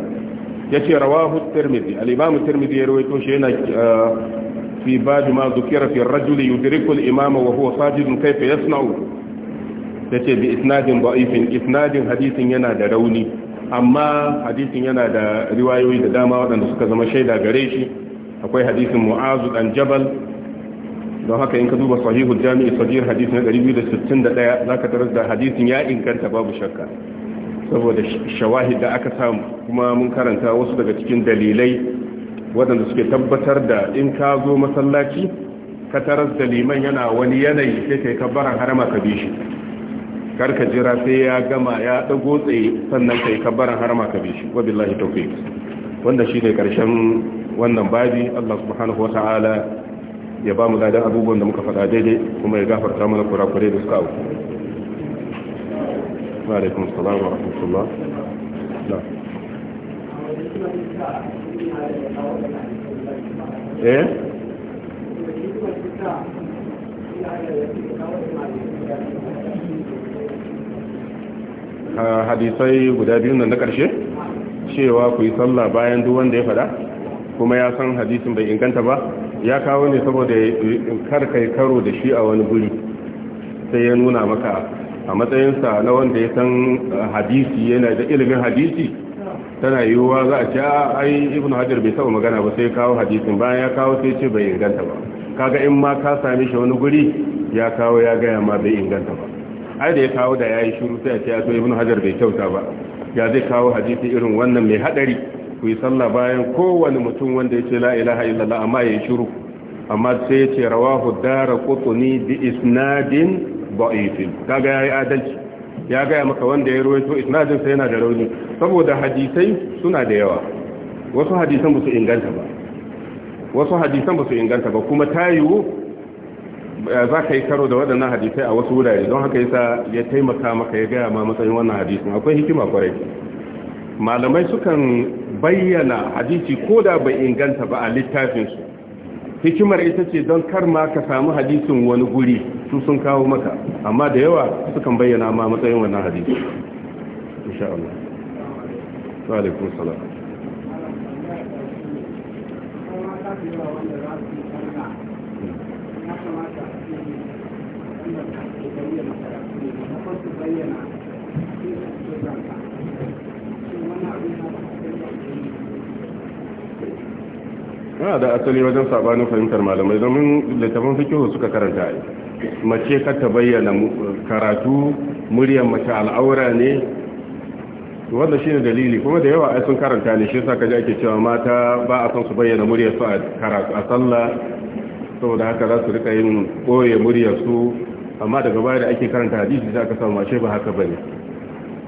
yace rawahu tirmidhi al-imam tirmidhi ya rawaito shi yana eh, في باب ما ذكر في الرجل يدرك الإمام وهو ساجد كيف يصنع yace bi isnadin da'ifin isnadin hadisin yana da rauni amma hadisin yana da riwayoyi da dama waɗanda suka zama shaida gare shi akwai hadisin mu'azu dan jabal don haka in ka duba sahihul jami'i sahih hadisi na 261 zaka tarar da hadisin ya inganta babu shaka. saboda shawahid da aka samu kuma mun karanta wasu daga cikin dalilai waɗanda suke tabbatar da in ka zo masallaci ka taras da liman yana wani yanayi sai kai kabbaran harama ka bi shi kar ka jira sai ya gama ya dago tsaye sannan kai kabbaran harama ka bi shi wa billahi tawfiq wannan shine karshen wannan babi Allah subhanahu wataala ya ba mu ladan abubuwan da muka faɗa daidai kuma ya gafarta mana kurakure da suka auku wa alaikum wa Eh? Ah, hadisai guda biyu nan na karshe cewa ku yi sallah bayan duk wanda ya fada kuma ya san hadisin bai inganta ba ya kawo ne saboda kar karkai karo da shi a wani guri sai ya nuna maka a matsayinsa na wanda ya san hadisi yana da ilimin hadisi tana yiwuwa za a ce a ai ibn hajar bai taba magana ba sai kawo hadisin bayan ya kawo sai ce bai inganta ba kaga in ma ka same shi wani guri ya kawo ya gaya ma bai inganta ba ai da ya kawo da yayi shiru sai a ce a to ibnu hajar bai kyauta ba ya zai kawo hadisi irin wannan mai hadari ku yi sallah bayan kowane mutum wanda ya ce la ilaha illallah amma ya shiru amma sai ya ce rawahu dara bi isnadin da'if kaga yayi adalci ya gaya maka wanda ya ruwaito sa yana da rauni saboda hadisai suna da yawa wasu hadisan ba su inganta ba wasu hadisan ba su inganta ba kuma ta yiwu eh, za ka yi karo da waɗannan hadisai a wasu wurare don haka yasa ya taimaka maka ya gaya ma matsayin wannan hadisin akwai hikima kwarai malamai sukan bayyana hadisi ko da bai inganta ba a littafinsu hikimar ita ce don kar ma ka samu hadisin wani guri su sun kawo maka amma da yawa sukan bayyana ma matsayin wannan hadisi insha Allah wa alaikum salam ya hmm. kamata yana da asali wajen sabanin fahimtar malamai domin littafin fikihu suka karanta yi mace ka ta bayyana karatu muryar mace al'aura ne wanda shi ne dalili kuma da yawa ai sun karanta ne shi ka kaje ake cewa mata ba a san su bayyana muryar su a karatu a sallah saboda haka za su rika yin ɓoye muryar su amma daga baya da ake karanta hadisi za ka samu mace ba haka bane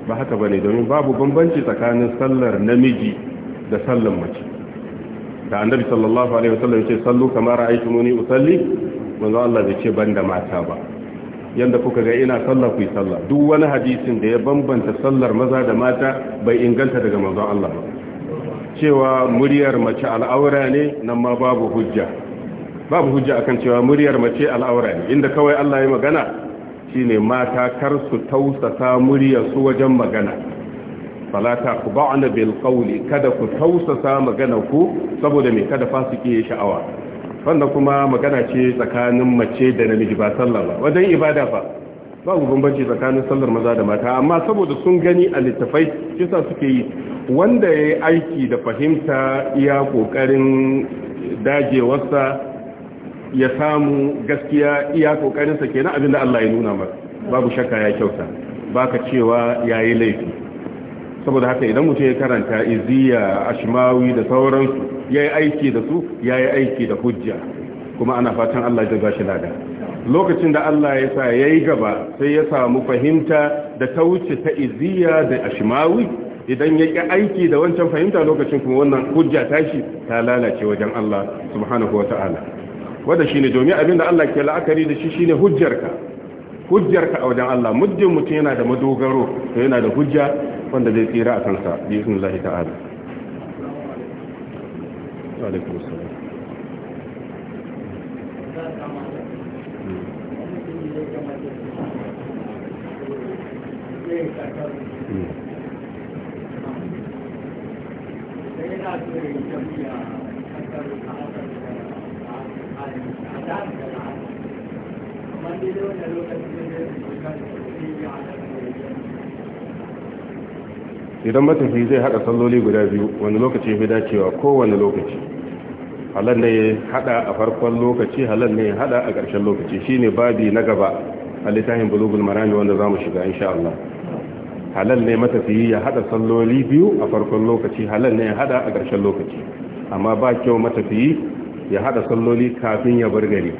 ba haka bane domin babu bambanci tsakanin sallar namiji da sallar mace da annabi sallallahu alaihi wasallam yace sallu kama ra'aytumuni usalli manzo Allah bai ce banda mata ba yanda kuka ga ina sallah ku duk wani hadisin da ya bambanta sallar maza da mata bai inganta daga manzo Allah ba cewa muryar mace al'aura ne nan ma babu hujja babu hujja akan cewa muryar mace al'aura ne inda kawai Allah ya magana shine mata kar su tausasa muryar su wajen magana falata ku ba'ana bil qawli kada ku tausasa magana ku saboda me kada fasiki ya sha'awa wannan kuma magana ce tsakanin mace da namiji ba sallar ba wajen ibada fa babu bambanci tsakanin sallar maza da mata amma saboda sun gani a littafai kisa suke yi wanda ya yi aiki da fahimta iya kokarin dajewarsa ya samu gaskiya iya kokarinsa kenan abinda Allah ya nuna masa babu shakka ya kyauta baka cewa yayi laifi saboda haka idan mutum ya karanta iziya ashmawi da sauransu ya yi aiki da su ya yi aiki da hujja kuma ana fatan Allah ya bashi lada lokacin da Allah ya sa ya yi gaba sai ya samu fahimta da ta wuce ta iziya da ashmawi idan ya yi aiki da wancan fahimta lokacin kuma wannan hujja tashi ta lalace wajen Allah subhanahu wa ta'ala wanda shine domin abin da Allah ke la'akari da shi shine hujjarka hujjarka a wajen Allah muddin mutum yana da madogaro to yana da hujja wanda zai tsira a kansa bi ta'ala Thank hmm. you. idan matafi zai hada salloli guda biyu wani lokaci fi dacewa kowane lokaci halar ne ya hada a farkon lokaci halar ne ya hada a ƙarshen lokaci shine babi na gaba a littafin bulugul marami wanda za mu shiga insha Allah halal ne matafi ya hada salloli biyu a farkon lokaci halal ne ya hada a ƙarshen lokaci amma ba kyau matafiyi ya hada salloli kafin ya bar gari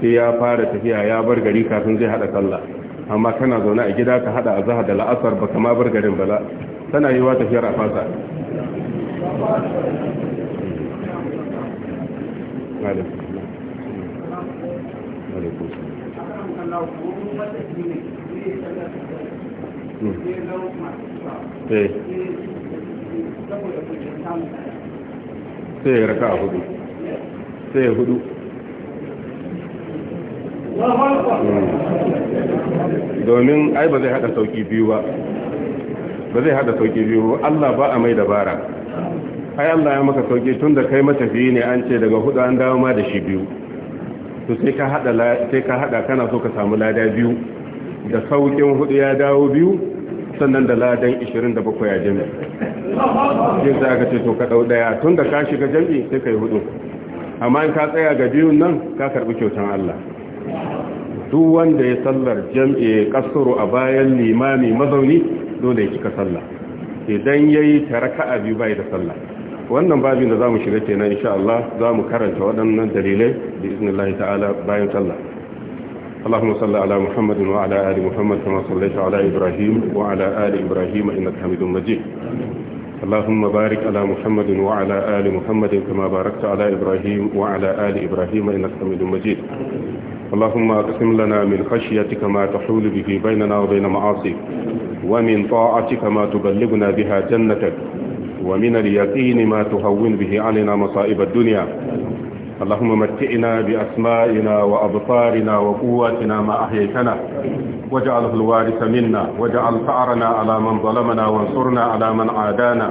sai ya fara tafiya ya bar gari kafin zai hada sallah amma kana zaune a gida ka hada azhar da la'asar baka ma bar garin bala tana yiwa tafiyar a fasa sai ya raka a hudu sai ya hudu domin ai ba zai hada sauki biyu ba ba zai hada sauki biyu Allah ba a mai dabara ai Allah ya maka sauki tun da kai matafiyi ne an ce daga hudu an dawo ma da shi biyu to sai ka hada sai ka hada kana so ka samu lada biyu da saukin hudu ya dawo biyu sannan da ladan 27 ya jami yin za ka ce to ka ɗau daya tun da ka shiga jami sai ka yi hudu amma in ka tsaya ga biyun nan ka karɓi kyautan Allah duk wanda ya sallar jam'i kasuru a bayan limami mazauni dole ya cika sallah idan yayi taraka biyu bai da sallah wannan babin da zamu shiga kenan insha Allah zamu karanta waɗannan dalilai da iznillahi ta'ala bayan sallah اللهم صل على محمد وعلى آل محمد كما صليت على ali ibrahim آل إبراهيم إنك حميد مجيد اللهم بارك على محمد ali آل محمد كما ala ibrahim إبراهيم وعلى آل إبراهيم إنك حميد مجيد اللهم اقسم لنا من خشيتك ما تحول به بيننا وبين معاصيك ومن طاعتك ما تبلغنا بها جنتك ومن اليقين ما تهون به علينا مصائب الدنيا اللهم متئنا بأسمائنا وأبصارنا وقواتنا ما أحييتنا واجعله الوارث منا واجعل ثأرنا على من ظلمنا وانصرنا على من عادانا